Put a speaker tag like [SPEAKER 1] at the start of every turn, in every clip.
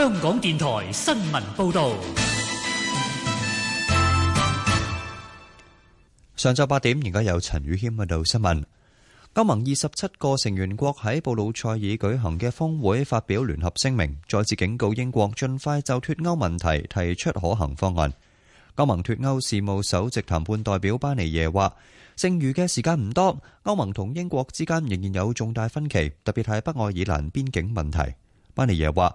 [SPEAKER 1] 香港電台新聞報道：上晝八點，而家有陳宇謙喺度報道新聞。歐盟二十七個成員國喺布魯塞爾舉行嘅峰會，發表聯合聲明，再次警告英國盡快就脫歐問題提出可行方案。歐盟脫歐事務首席談判代表巴尼耶話，剩餘嘅時間唔多，歐盟同英國之間仍然有重大分歧，特別係北愛爾蘭邊境問題。巴尼耶話。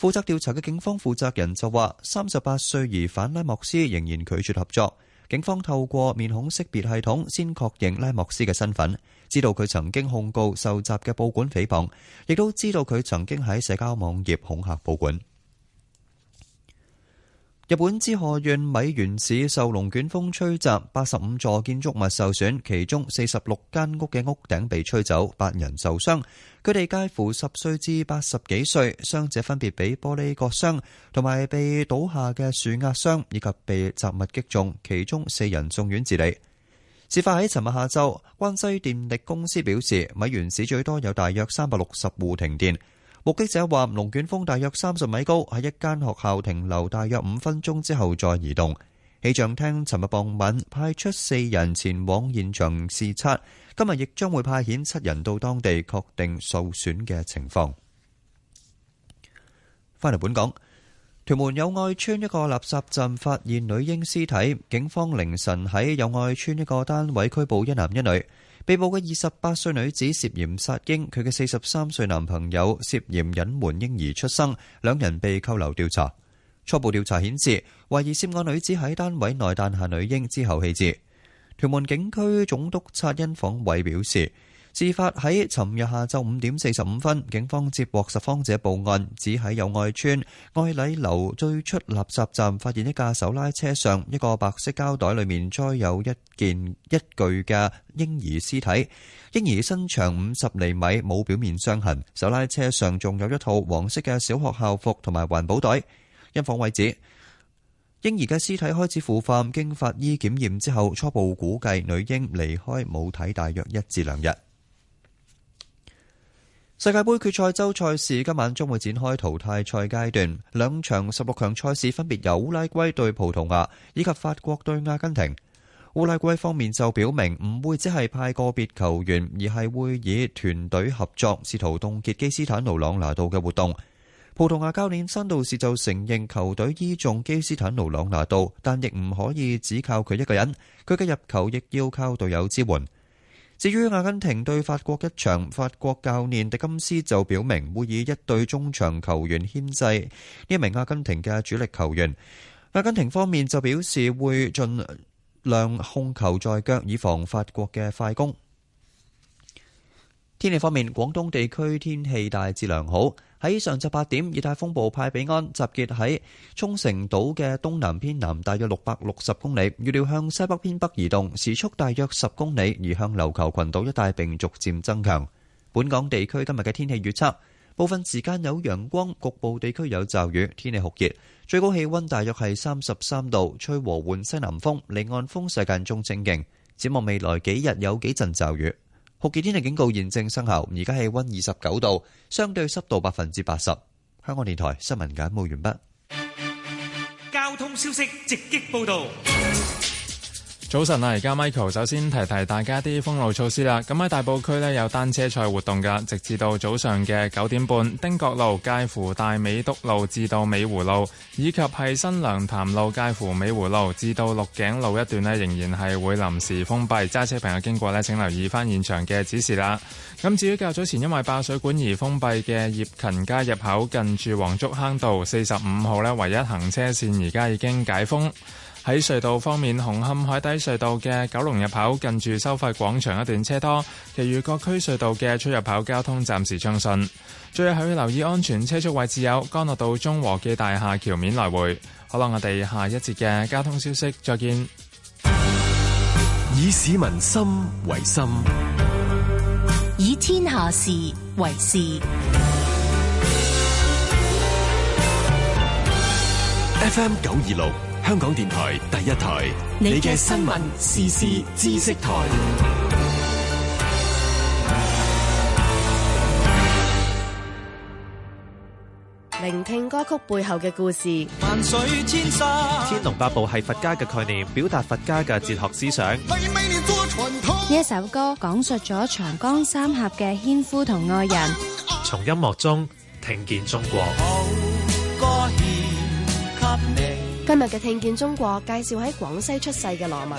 [SPEAKER 1] 負責調查嘅警方負責人就話，三十八歲疑犯拉莫斯仍然拒絕合作。警方透過面孔識別系統先確認拉莫斯嘅身份，知道佢曾經控告受襲嘅報館誹謗，亦都知道佢曾經喺社交網頁恐嚇報館。日本滋賀縣米原市受龍捲風吹襲，八十五座建築物受損，其中四十六間屋嘅屋頂被吹走，八人受傷，佢哋介乎十歲至八十幾歲，傷者分別被玻璃割傷，同埋被倒下嘅樹壓傷，以及被雜物擊中，其中四人送院治理。事發喺尋日下晝，關西電力公司表示，米原市最多有大約三百六十戶停電。目擊者話，龍捲風大約三十米高，喺一間學校停留大約五分鐘之後再移動。氣象廳尋日傍晚派出四人前往現場視察，今日亦將會派遣七人到當地確定受損嘅情況。返嚟本港，屯門友愛邨一個垃圾站發現女嬰屍體，警方凌晨喺友愛邨一個單位拘捕一男一女。被捕嘅二十八歲女子涉嫌殺嬰，佢嘅四十三歲男朋友涉嫌隱瞞嬰兒出生，兩人被扣留調查。初步調查顯示，懷疑涉案女子喺單位內誕下女嬰之後棄置。屯門警區總督察因訪委表示。事發喺尋日下晝五點四十五分，警方接獲拾荒者報案，指喺友愛村愛禮樓對出垃圾站，發現一架手拉車上一個白色膠袋，裏面載有一件一具嘅嬰兒屍體。嬰兒身長五十厘米，冇表面傷痕。手拉車上仲有一套黃色嘅小學校服同埋環保袋。因房為止，嬰兒嘅屍體開始腐化，經法醫檢驗之後，初步估計女嬰離開母體大約一至兩日。世界杯決賽周賽事今晚將會展開淘汰賽階段，兩場十六強賽事分別由烏拉圭對葡萄牙以及法國對阿根廷。烏拉圭方面就表明唔會只係派個別球員，而係會以團隊合作試圖凍結基斯坦奴朗拿度嘅活動。葡萄牙教練山道士就承認球隊依重基斯坦奴朗拿度，但亦唔可以只靠佢一個人，佢嘅入球亦要靠隊友支援。至於阿根廷對法國一場，法國教練迪金斯就表明會以一隊中場球員牽制呢名阿根廷嘅主力球員。阿根廷方面就表示會盡量控球在腳，以防法國嘅快攻。天氣方面，廣東地區天氣大致良好。喺上晝八點，熱帶風暴派比安集結喺沖繩島嘅東南偏南大約六百六十公里，預料向西北偏北移動，時速大約十公里，而向琉球群島一帶並逐漸增強。本港地區今日嘅天氣預測，部分時間有陽光，局部地區有驟雨，天氣酷熱，最高氣温大約係三十三度，吹和緩西南風，離岸風勢間中清勁。展望未來幾日，有幾陣驟雨。酷熱天氣警告，現正生效，而家氣溫二十九度，相對濕度百分之八十。香港電台新聞簡報完畢。
[SPEAKER 2] 交通消息直擊報道。
[SPEAKER 3] 早晨啊！而家 Michael 首先提提大家啲封路措施啦。咁喺大埔區呢，有單車賽活動㗎。直至到早上嘅九點半，汀角路介乎大美督路至到美湖路，以及係新娘潭路介乎美湖路至到鹿頸路一段呢，仍然係會臨時封閉。揸車朋友經過呢，請留意翻現場嘅指示啦。咁至於較早前因為爆水管而封閉嘅葉勤街入口，近住黃竹坑道四十五號呢，唯一行車線而家已經解封。喺隧道方面，紅磡海底隧道嘅九龍入口近住收費廣場一段車多，其餘各區隧道嘅出入口交通暫時暢順。最後要留意安全車速位置有干諾道中和記大廈橋面來回。好啦，我哋下一節嘅交通消息再見。以市民心為心，以天
[SPEAKER 1] 下事為事。
[SPEAKER 3] F M 九二六。香港電台第一台，你嘅新聞時事知識台，
[SPEAKER 4] 聆聽歌曲背後嘅故事。萬水
[SPEAKER 1] 千山，天龍八部係佛家嘅概念，表達佛家嘅哲學思想。
[SPEAKER 4] 呢一首歌講述咗長江三峽嘅縴夫同愛人，
[SPEAKER 2] 從音樂中聽見中國。
[SPEAKER 4] 今日嘅聽見中國介紹喺廣西出世嘅羅文。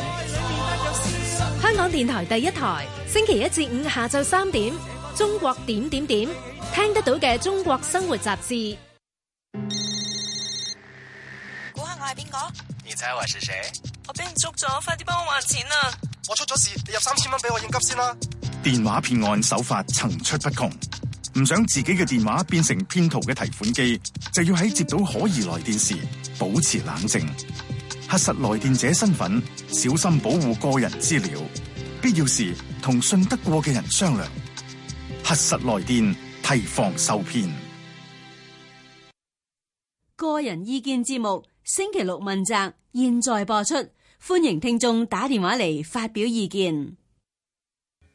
[SPEAKER 4] 香港電台第一台，星期一至五下晝三點，中國點點點，聽得到嘅中國生活雜誌。
[SPEAKER 1] 估下我係邊個？你猜我是誰？我俾人捉咗，快啲幫我還錢啊！我出咗事，你入三千蚊俾我應急先啦！
[SPEAKER 2] 電話騙案手法層出不窮。唔想自己嘅電話變成騙徒嘅提款機，就要喺接到可疑來電時保持冷靜，核實來電者身份，小心保護個人資料，必要時同信得過嘅人商量，核實來電，提防受騙。
[SPEAKER 1] 個人意見節目，星期六問責，現在播出，歡迎聽眾打電話嚟發表意見。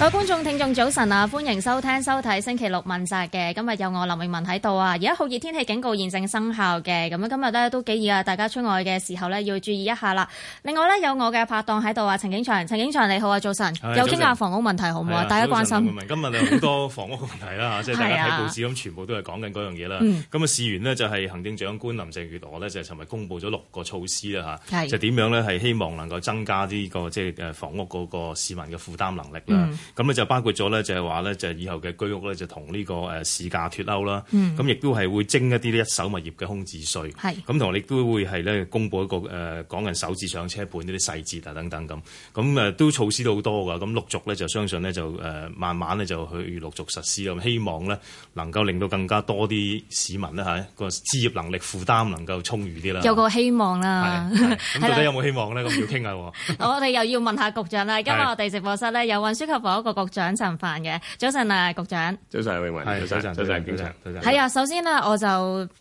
[SPEAKER 4] 各位觀眾、聽眾，早晨啊！歡迎收聽、收睇星期六問責嘅。今日有我林永文喺度啊！而家酷熱天氣警告現正生效嘅，咁啊今日咧都幾熱啊！大家出外嘅時候咧要注意一下啦。另外咧有我嘅拍檔喺度啊，陳景祥。陳景祥你好啊，早晨。的有傾下房屋問題好唔好啊？的大家關心。林明今日
[SPEAKER 2] 好多房屋問題啦，即係 大家睇報紙咁，全部都係講緊嗰樣嘢啦。咁啊的，嗯、事緣呢，就係行政長官林鄭月娥呢，就係尋日公布咗六個措施啦吓，就點的樣呢？係希望能夠增加呢個即係誒房屋嗰個市民嘅負擔能力啦。嗯咁咧就包括咗咧，就係話咧，就係以後嘅居屋咧，就同呢個誒市價脱鈎啦。咁亦都係會徵一啲一手物業嘅空置稅。係。咁同埋亦都會係咧，公布一個港人首置上車盤呢啲細節啊，等等咁。咁都措施都好多㗎。咁陸續咧就相信咧就慢慢咧就去陸續實施咁，希望咧能夠令到更加多啲市民咧嚇個置業能力負擔能夠充裕啲啦。有個
[SPEAKER 4] 希望啦。咁到底
[SPEAKER 2] 有冇希望咧？咁的要傾下喎。
[SPEAKER 4] 我哋又要問下局長啦。今日我哋直播室咧有運輸及房。嗰個局長陳帆嘅，早晨啊，局長，早晨，永文，
[SPEAKER 5] 早晨，早晨，早晨，係啊，
[SPEAKER 4] 首先呢，我就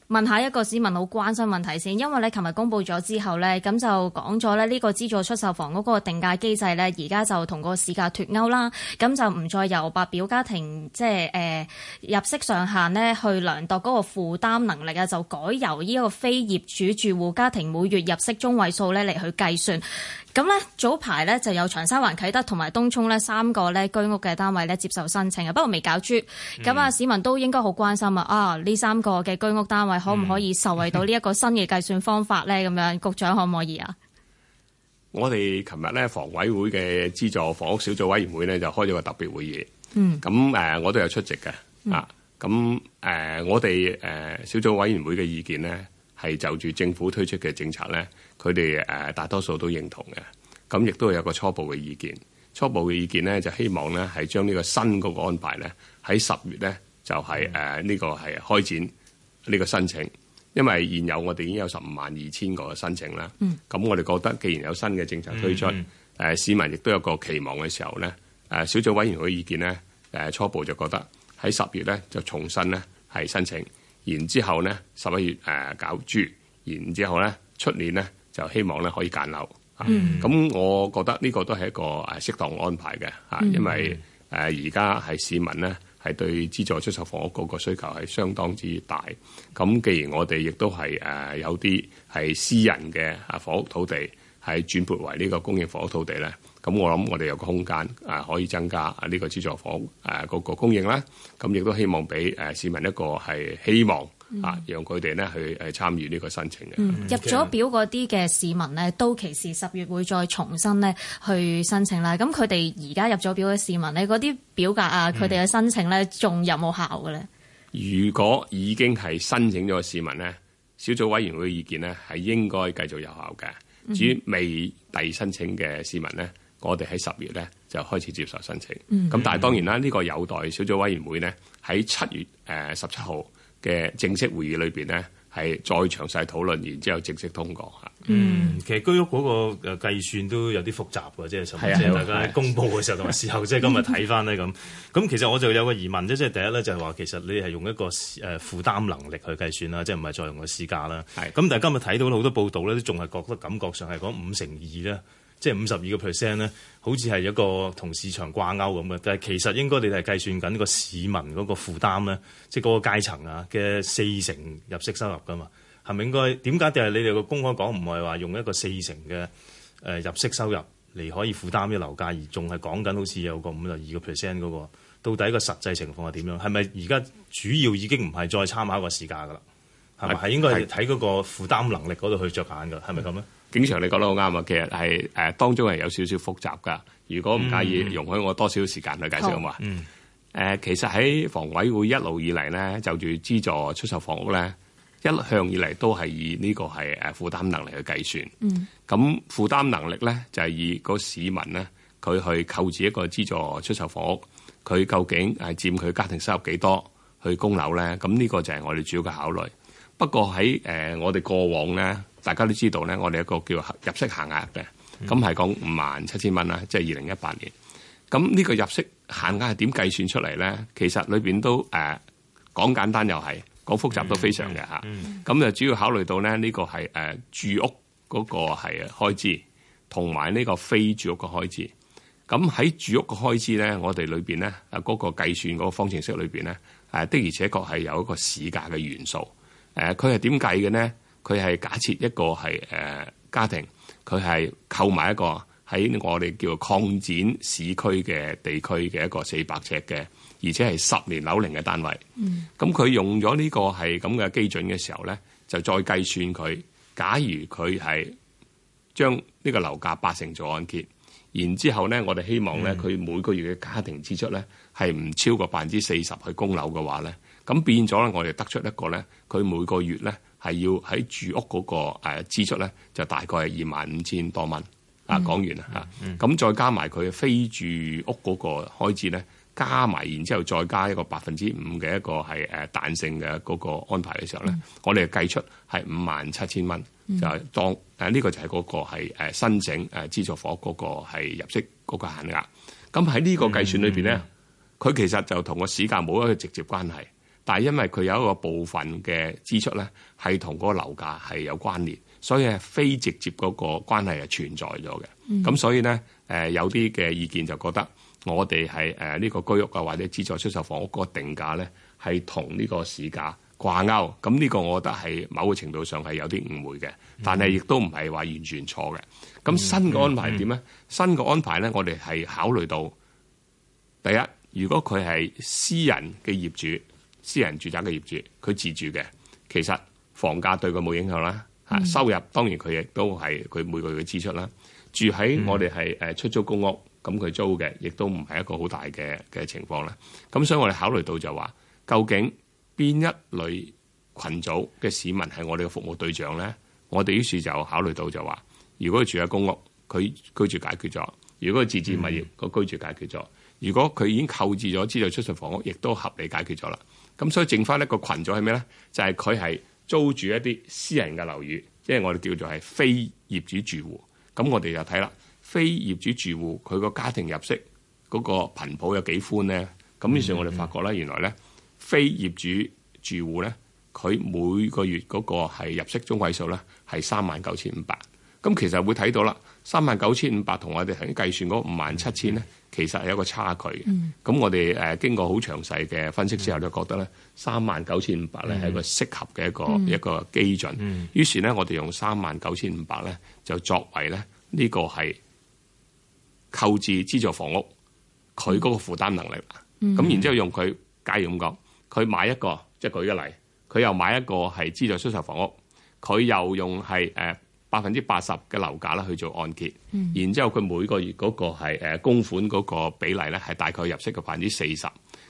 [SPEAKER 4] 問下一個市民好關心問題先，因為你琴日公布咗之後咧，咁就講咗咧呢個資助出售房嗰個定價機制咧，而家就同個市價脫鈎啦，咁就唔再由白表家庭即係誒入息上限呢去量度嗰個負擔能力啊，就改由呢個非業主住戶家庭每月入息中位數咧嚟去計算。咁咧，早排咧就有長沙灣啟德同埋東涌咧三個咧居屋嘅單位咧接受申請啊，不過未攪珠。咁啊，市民都應該好關心、嗯、啊。啊，呢三個嘅居屋單位可唔可以受惠到呢一個新嘅計算方法咧？咁樣，局長可唔可以啊？
[SPEAKER 5] 我哋琴日咧房委會嘅資助房屋小組委員會咧就開咗個特別會議。嗯。咁我都有出席嘅。嗯、啊。咁、呃、我哋、呃、小組委員會嘅意見咧。係就住政府推出嘅政策咧，佢哋誒大多數都認同嘅，咁亦都有個初步嘅意見。初步嘅意見咧，就希望咧係將呢個新嗰個安排咧喺十月咧就係誒呢個係開展呢個申請，嗯、因為現有我哋已經有十五萬二千個嘅申請啦。咁、嗯、我哋覺得既然有新嘅政策推出，嗯、市民亦都有個期望嘅時候咧，誒小組委員會嘅意見咧，誒初步就覺得喺十月咧就重新咧係申請。然之後咧十一月攪珠，然之後咧出年咧就希望咧可以揀樓啊！咁、嗯、我覺得呢個都係一個適當安排嘅吓，因為而家係市民咧係對資助出售房屋個個需求係相當之大。咁既然我哋亦都係有啲係私人嘅啊房屋土地係轉撥為呢個公營房屋土地咧。咁我諗，我哋有個空間啊，可以增加啊呢個資助房誒嗰、啊、個,個供應啦。咁、啊、亦都希望俾、啊、市民一個係希望、嗯、啊，讓佢哋呢去誒參與呢個申請嘅、嗯、入咗
[SPEAKER 4] 表嗰啲嘅市民呢，到期時十月會再重新呢去申請啦。咁佢哋而家入咗表嘅市民呢嗰啲表格啊，佢哋嘅申請呢仲有冇效嘅咧？
[SPEAKER 5] 如果已經係申請咗嘅市民呢，小組委員會嘅意見呢係應該繼續有效嘅。至於未遞申請嘅市民呢。我哋喺十月咧就開始接受申請，咁、嗯、但係當然啦，呢、呢個有待小組委員會呢，喺七月十七號嘅正式會議裏面呢，係再詳細討論，然之後正式通過嚇。嗯，其實居屋嗰個計算都有
[SPEAKER 2] 啲複雜嘅，即係首先大家公佈嘅時候同埋時候，即係的的今日睇翻咧咁。咁 其實我就有個疑問咧，即係第一咧就係話其實你係用一個負擔能力去計算啦，即係唔係再用個市價啦？咁的但係今日睇到好多報道咧，都仲係覺得感覺上係講五成二呢。即係五十二個 percent 咧，好似係一個同市場掛鈎咁嘅，但係其實應該你哋係計算緊個市民嗰個負擔咧，即係嗰個階層啊嘅四成入息收入噶嘛，係咪應該？點解定係你哋個公開講唔係話用一個四成嘅誒入息收入嚟可以負擔啲樓價，而仲係講緊好似有個五十二個 percent 嗰個？到底個實際情況係點樣？係咪而家主要已經唔係再參考個市價噶啦？係咪？係應該係睇
[SPEAKER 5] 嗰個負擔
[SPEAKER 2] 能力嗰度去着眼嘅？係咪咁咧？嗯。
[SPEAKER 5] 正常你講得好啱啊！其實係誒、呃、當中係有少少複雜噶。如果唔介意、嗯、容許我多少時間去介紹啊嘛？誒，其實喺房委會一路以嚟咧，就住資助出售房屋咧，一向以嚟都係以呢個係誒負擔能力去計算。嗯，咁負擔能力咧就係、是、以個市民咧，佢去購置一個資助出售房屋，佢究竟係佔佢家庭收入幾多去供樓咧？咁呢個就係我哋主要嘅考慮。不過喺誒、呃、我哋過往咧，大家都知道咧，我哋有一個叫入息限額嘅，咁係講五萬七千蚊啦，即係二零一八年。咁呢個入息限額係點計算出嚟咧？其實裏面都誒、啊、講簡單又係講複雜都非常嘅嚇。咁、嗯嗯、就主要考慮到咧，呢個係住屋嗰個係開支，同埋呢個非住屋嘅開支。咁喺住屋嘅開支咧，我哋裏面咧嗰、嗰個計算嗰個方程式裏面咧誒、啊、的而且確係有一個市價嘅元素。誒、啊，佢係點計嘅咧？佢係假設一個係誒家庭，佢係購買一個喺我哋叫擴展市區嘅地區嘅一個四百尺嘅，而且係十年樓齡嘅單位。咁佢、嗯、用咗呢個係咁嘅基準嘅時候咧，就再計算佢。假如佢係將呢個樓價八成做按揭，然之後咧，我哋希望咧，佢每個月嘅家庭支出咧係唔超過百分之四十去供樓嘅話咧，咁變咗咧，我哋得出一個咧，佢每個月咧。係要喺住屋嗰個支出咧，就大概係二萬五千多蚊、mm hmm. 啊！講完啦嚇，咁、mm hmm. 啊、再加埋佢非住屋嗰個開支咧，加埋然之後再加一個百分之五嘅一個係誒彈性嘅嗰個安排嘅時候咧，mm hmm. 我哋計出係五萬七千蚊，就當誒呢、mm hmm. 啊呢個就係嗰個係申請誒資助房嗰個係入息嗰個限額。咁喺呢個計算裏邊咧，佢、mm hmm. 其實就同個市價冇一個直接關係。但係，因為佢有一個部分嘅支出咧，係同嗰個樓價係有關聯，所以係非直接嗰個關係係存在咗嘅。咁、嗯、所以咧，誒有啲嘅意見就覺得我哋係誒呢個居屋啊，或者資助出售房屋嗰個定價咧係同呢個市價掛鈎。咁呢個我覺得係某個程度上係有啲誤會嘅，但係亦都唔係話完全錯嘅。咁新嘅安排點咧？新嘅安排咧，我哋係考慮到第一，如果佢係私人嘅業主。私人住宅嘅業主，佢自住嘅，其實房價對佢冇影響啦。嚇、嗯、收入當然佢亦都係佢每個月嘅支出啦。住喺我哋係誒出租公屋，咁佢租嘅亦都唔係一個好大嘅嘅情況啦。咁所以我哋考慮到就話，是、究竟邊一類群組嘅市民係我哋嘅服務對象咧？我哋於是就考慮到就話，是、如果佢住喺公屋，佢居住解決咗；如果佢自置物業個、嗯、居住解決咗；如果佢已經購置咗資助出售房屋，亦都合理解決咗啦。咁所以剩翻一個群組係咩咧？就係佢係租住一啲私人嘅樓宇，即係我哋叫做係非業主住戶。咁我哋就睇啦，非業主住戶佢個家庭入息嗰個頻譜有幾寬咧？咁於是，我哋發覺咧，原來咧非業主住戶咧，佢每個月嗰個係入息中位數咧係三萬九千五百。咁其實會睇到啦。三萬九千五百同我哋喺計算嗰五萬七千咧，其實係一個差距嘅。咁我哋誒經過好詳細嘅分析之後，就覺得咧，三萬九千五百咧係一個適合嘅一個一個基準。於是咧，我哋用三萬九千五百咧就作為咧呢個係購置資助房屋佢嗰個負擔能力。咁然之後用佢，假如咁講，佢買一個，即係舉一例，佢又買一個係資助出售房屋，佢又用係誒。呃百分之八十嘅樓價去做按揭，嗯、然之後佢每個月嗰個係、呃、供款嗰個比例咧係大概入息嘅百分之四十，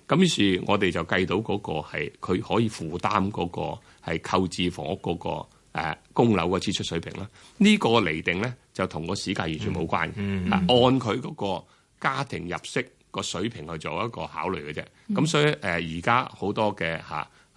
[SPEAKER 5] 咁於是，我哋就計到嗰個係佢可以負擔嗰個係購置房屋嗰、嗰個、呃、供樓嘅支出水平啦。這個、呢個釐定咧就同個市價完全冇關嘅、嗯嗯啊，按佢嗰個家庭入息個水平去做一個考慮嘅啫。咁、嗯、所以而家好多嘅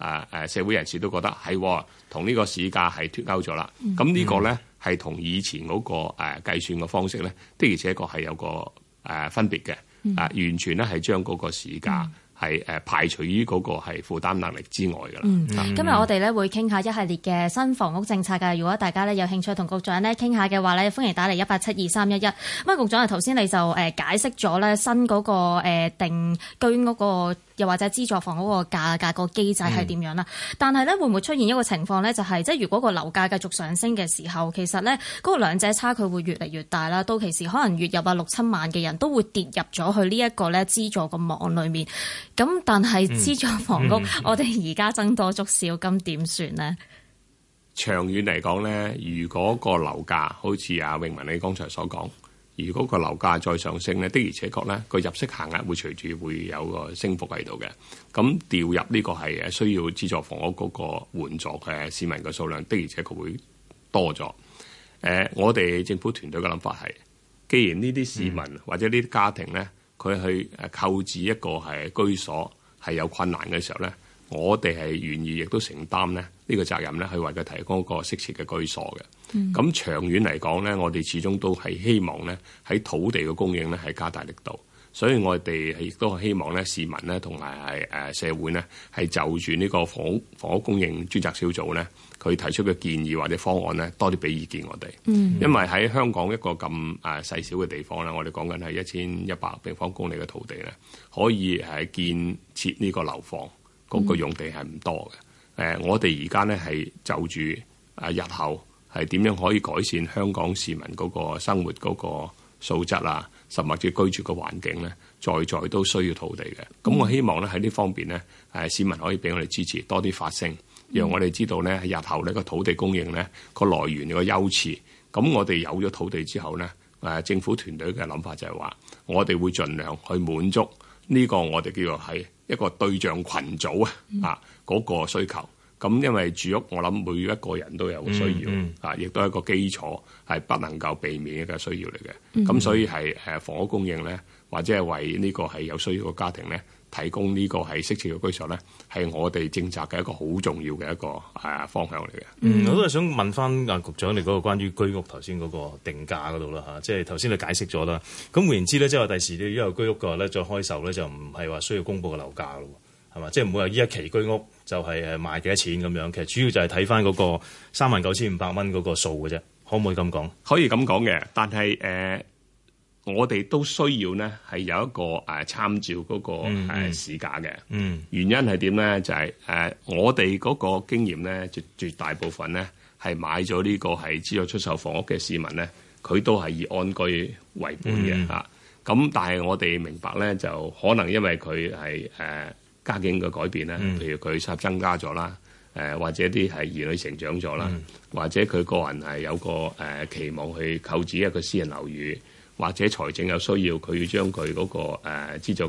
[SPEAKER 5] 誒誒，社會人士都覺得係同呢個市價係脱鈎咗啦。咁呢、嗯、個咧係同以前嗰個誒計算嘅方式咧，的而且確係有個誒分別嘅。誒、嗯、完全咧係將嗰個市價係誒排除於嗰個係負擔能力之外㗎啦、嗯。今日我
[SPEAKER 4] 哋咧會傾下一系列嘅新房屋政策㗎。如果大家咧有興趣同局長咧傾下嘅話咧，歡迎打嚟一八七二三一一。咁啊，局長啊，頭先你就誒解釋咗咧新嗰、那個、呃、定居屋嗰、那個。又或者資助房嗰個價格、個機制係點樣啦？嗯、但係咧會唔會出現一個情況咧？就係即係如果個樓價繼續上升嘅時候，其實咧嗰、個兩者差距會越嚟越大啦。到其時可能月入百六七萬嘅人都會跌入咗去呢一個咧資助嘅網裡面。咁、嗯、但係資助房屋，嗯、我哋而家增多足少，咁點算呢？
[SPEAKER 5] 長遠嚟講咧，如果個樓價好似阿榮文你剛才所講。如果個樓價再上升咧，的而且確咧，個入息限額會隨住會有個升幅喺度嘅。咁調入呢個係需要資助房屋嗰個援助嘅市民嘅數量，的而且確會多咗、呃。我哋政府團隊嘅諗法係，既然呢啲市民或者呢啲家庭咧，佢去誒購置一個係居所係有困難嘅時候咧。我哋係願意，亦都承擔咧呢個責任咧，去為佢提供一個適切嘅居所嘅。咁長遠嚟講咧，我哋始終都係希望咧喺土地嘅供應咧係加大力度。所以，我哋亦都希望咧市民咧同埋係誒社會咧係就住呢個房屋房屋供應專責小組咧，佢提出嘅建議或者方案咧，多啲俾意見我哋。因為喺香港一個咁誒細小嘅地方咧，我哋講緊係一千一百平方公里嘅土地咧，可以係建設呢個樓房。嗰個用地係唔多嘅，誒，我哋而家咧係就住誒，日後係點樣可以改善香港市民嗰個生活嗰個素質啊，甚至居住嘅環境咧，在在都需要土地嘅。咁我希望咧喺呢方面咧，誒市民可以俾我哋支持多啲發聲，讓我哋知道咧日後呢個土地供應咧個來源個優次。咁我哋有咗土地之後咧，誒政府團隊嘅諗法就係話，我哋會盡量去滿足。呢個我哋叫做係一個對象群組啊，嗰個需求咁，嗯、因為住屋我諗每一個人都有需要啊，亦都、嗯嗯、係一個基礎係不能夠避免一個需要嚟嘅。咁、嗯、所以係房屋供應咧，或者係為呢個係有需要嘅家庭咧，提供呢個係適切嘅居所咧，係我哋政策嘅一個好重要嘅一個誒方向嚟嘅。嗯，我
[SPEAKER 1] 都係
[SPEAKER 2] 想問翻啊，局長你嗰個關於居屋頭先嗰個定價嗰度啦嚇，即係頭先你解釋咗啦。咁換言之咧，即係話第時啲優秀居屋嘅話咧，再開售咧就唔係話需要公布個樓價咯，係嘛？即係唔會話依一期居屋就係誒賣幾多錢咁樣，其實主要就係睇翻嗰個三
[SPEAKER 5] 萬九千五百蚊嗰個數嘅啫，可唔可以咁講？可以咁講嘅，但係誒。呃我哋都需要咧，係有一個誒、啊、參照嗰、那個、啊、市價嘅、嗯嗯、原因係點咧？就係、是、誒、啊、我哋嗰個經驗咧，絕絕大部分咧係買咗呢個係資助出售房屋嘅市民咧，佢都係以安居為本嘅嚇。咁、嗯、但係我哋明白咧，就可能因為佢係誒家境嘅改變呢，嗯、譬如佢收入增加咗啦、啊，或者啲係兒女成長咗啦，嗯、或者佢個人係有個誒、啊、期望去購置一個私人樓宇。或者財政有需要，佢要將佢嗰個誒資助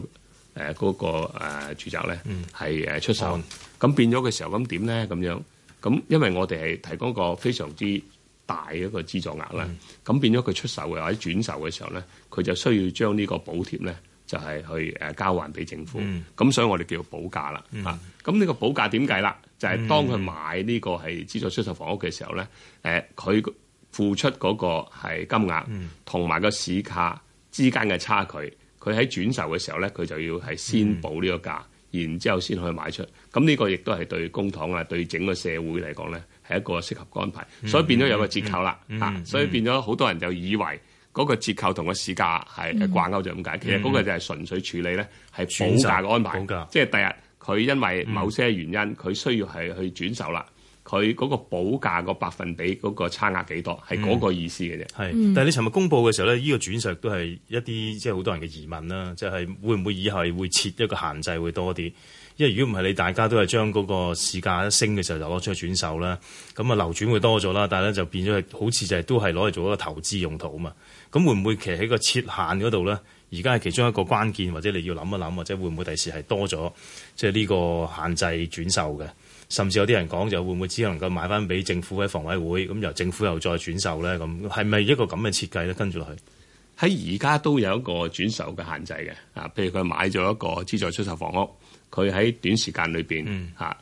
[SPEAKER 5] 誒嗰個住宅咧，係、呃、誒、呃呃呃呃呃呃、出售。咁、嗯、變咗嘅時候呢，咁點咧？咁樣咁，因為我哋係提供一個非常之大嘅一個資助額啦。咁、嗯、變咗佢出售或者轉售嘅時候咧，佢就需要將呢個補貼咧，就係、是、去誒、呃、交還俾政府。咁、嗯、所以我哋叫補價啦嚇。咁、嗯、呢個補價點計啦，就係、是、當佢買呢個係資助出售房屋嘅時候咧，誒、呃、佢。他付出嗰個係金額，同埋個市價之間嘅差距，佢喺轉售嘅時候咧，佢就要係先補呢個價，嗯、然之後先可以賣出。咁、這、呢個亦都係對公帑啊，對整個社會嚟講咧，係一個適合安排。嗯、所以變咗有個折扣啦，嗯嗯嗯、所以變咗好多人就以為嗰個折扣同個市價係掛鈎就咁解。其實嗰個就係純粹處理咧，係補價嘅安排。補即係第日佢因為某些原因，佢、嗯、需要係去轉售啦。佢嗰個補價個百分比嗰個差額幾多，係嗰、嗯、個意思嘅啫。係，但係你尋日公布嘅時候咧，呢、呢個轉售都
[SPEAKER 2] 係一啲即係好多人嘅疑問啦，就係、是、會唔會以後會設一個限制會多啲？因為如果唔係，你大家都係將嗰個市價一升嘅時候就攞出去轉售啦，咁啊流轉會多咗啦。但係咧就變咗係好似就係都係攞嚟做一個投資用途啊嘛。咁會唔會其實喺個設限嗰度咧？而家係其中一個關鍵，或者你要諗一諗，或者會唔會第時係多咗即係呢個限制轉售嘅？甚至有啲人講就會唔會只能夠買翻俾政府嘅房委會，咁由政府又再轉售咧？咁係咪一個咁嘅設計咧？跟住落去，喺而
[SPEAKER 5] 家都有一個轉售嘅限制嘅。啊，譬如佢買咗一個資助出售房屋，佢喺短時間裏邊嚇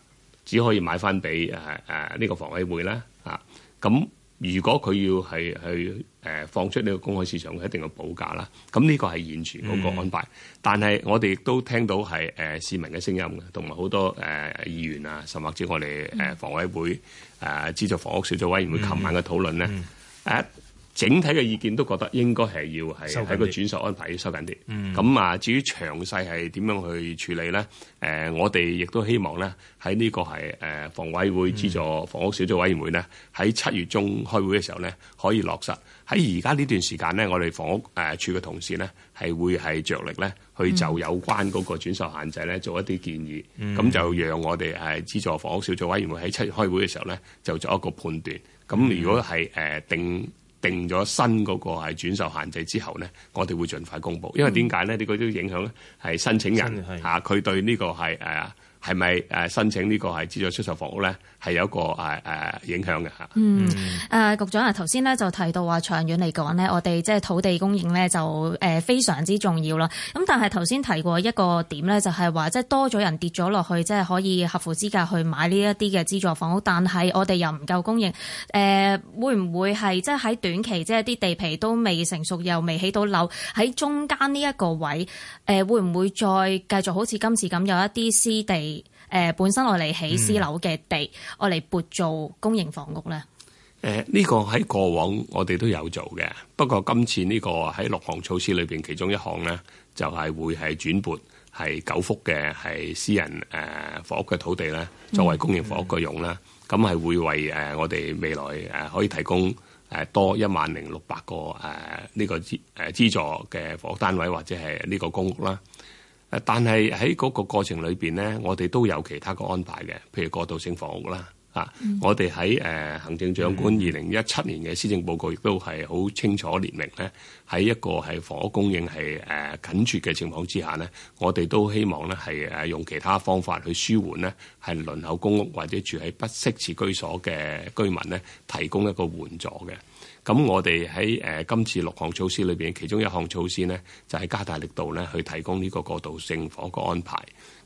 [SPEAKER 5] 只可以買翻俾誒誒呢個房委會啦。啊，咁。如果佢要係去誒放出呢個公開市場，佢一定要補價啦。咁呢個係現存嗰個安排。嗯、但係我哋亦都聽到係誒市民嘅聲音，同埋好多誒議員啊，甚至我哋誒房委會誒資助房屋小組委員會琴晚嘅討論咧。誒、嗯啊整體嘅意見都覺得應該係要係喺個轉售安排要收緊啲。咁啊、嗯、至於詳細係點樣去處理咧？誒、呃，我哋亦都希望咧喺呢個係誒房委會資助房屋小組委員會咧喺七月中開會嘅時候咧可以落實。喺而家呢段時間咧，我哋房屋誒、呃、處嘅同事咧係會係着力咧去就有關嗰個轉售限制咧做一啲建議，咁、嗯、就讓我哋誒資助房屋小組委員會喺七月開會嘅時候咧就作一個判斷。咁如果係誒、呃、定定咗新嗰個係轉售限制之後咧，我哋會盡快公布，因為點解咧？你嗰啲影響咧，係申請人吓，佢對呢個係誒，係咪誒申請呢個係資助出售房屋咧？係有一個影響
[SPEAKER 4] 嘅。嗯、誒、嗯，局長啊，頭先咧就提到話，長遠嚟講咧，我哋即係土地供應咧就誒非常之重要啦。咁但係頭先提過一個點咧，就係話即係多咗人跌咗落去，即係可以合乎資格去買呢一啲嘅資助房屋。但係我哋又唔夠供應，誒會唔會係即係喺短期，即係啲地皮都未成熟，又未起到樓，喺中間呢一個位，誒會唔會再繼續好似今次咁有一啲私地？誒、呃、本身我哋起私樓嘅地，我嚟、嗯、撥做公營房屋咧。
[SPEAKER 5] 誒呢、呃這個喺過往我哋都有做嘅，不過今次呢個喺六項措施裏邊，其中一項咧就係、是、會係轉撥係九幅嘅係私人誒房、呃、屋嘅土地咧，作為公營房屋嘅用啦。咁係、嗯、會為誒我哋未來誒可以提供誒多一萬零六百個誒呢、呃這個支誒資助嘅房屋單位或者係呢個公屋啦。但係喺嗰個過程裏面呢，我哋都有其他嘅安排嘅，譬如過渡性房屋啦，嗯、啊，我哋喺、呃、行政長官二零一七年嘅施政報告亦都係好清楚列明咧，喺一個係房屋供應係誒、呃、緊缺嘅情況之下呢，我哋都希望咧係用其他方法去舒緩呢係輪候公屋或者住喺不適切居所嘅居民呢提供一個援助嘅。咁我哋喺誒今次六項措施裏邊，其中一項措施呢，就係、是、加大力度咧去提供呢個過渡性房嘅安排。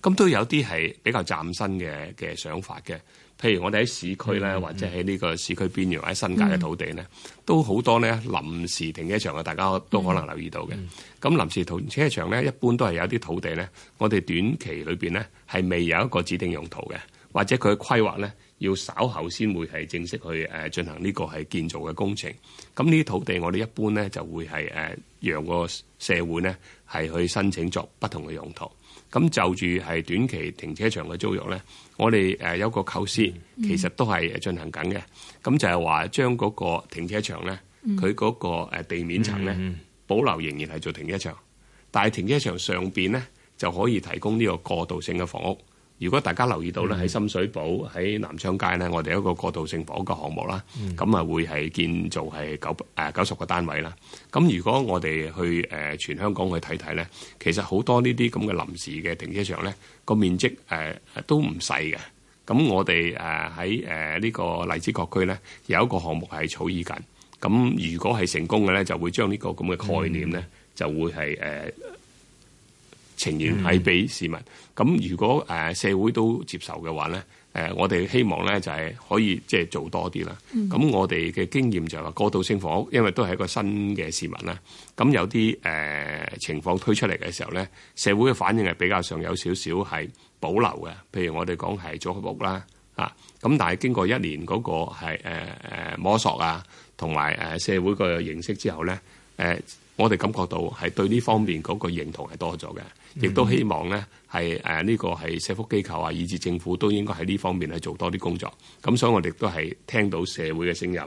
[SPEAKER 5] 咁都有啲係比較嶄新嘅嘅想法嘅。譬如我哋喺市區咧，嗯嗯、或者喺呢個市區邊緣、嗯、或者新界嘅土地呢，都好多呢，臨時停車場嘅，大家都可能留意到嘅。咁、嗯嗯、臨時停車場呢，一般都係有啲土地呢，我哋短期裏邊呢，係未有一個指定用途嘅，或者佢嘅規劃呢。要稍後先會係正式去誒進行呢個係建造嘅工程。咁呢啲土地，我哋一般咧就會係誒、呃、讓個社會咧係去申請作不同嘅用途。咁就住係短期停車場嘅租約咧，我哋誒有一個構思，其實都係進行緊嘅。咁就係話將嗰個停車場咧，佢嗰個地面層咧保留仍然係做停車場，但係停車場上邊咧就可以提供呢個過渡性嘅房屋。如果大家留意到咧，喺深水埗、喺南昌街咧，我哋有一個過渡性房嘅項目啦，咁啊會係建造係九誒九十個單位啦。咁如果我哋去誒全香港去睇睇咧，其實好多呢啲咁嘅臨時嘅停車場咧，個面積誒都唔細嘅。咁我哋誒喺誒呢個荔枝角區咧，有一個項目係草擬緊。咁如果係成功嘅咧，就會將呢個咁嘅概念咧，就會係誒。呈現係俾市民咁，嗯、如果誒社會都接受嘅話咧，誒我哋希望咧就係可以即係做多啲啦。咁、嗯、我哋嘅經驗就係話過渡性房屋，因為都係一個新嘅事物啦。咁有啲誒情況推出嚟嘅時候咧，社會嘅反應係比較上有少少係保留嘅，譬如我哋講係組合屋啦啊。咁但係經過一年嗰個係誒摸索啊，同埋誒社會嘅認識之後咧，誒我哋感覺到係對呢方面嗰個認同係多咗嘅。亦、嗯、都希望呢，係誒呢個係社福機構啊，以至政府都應該喺呢方面係做多啲工作。咁所以我哋都係聽到社會嘅聲音，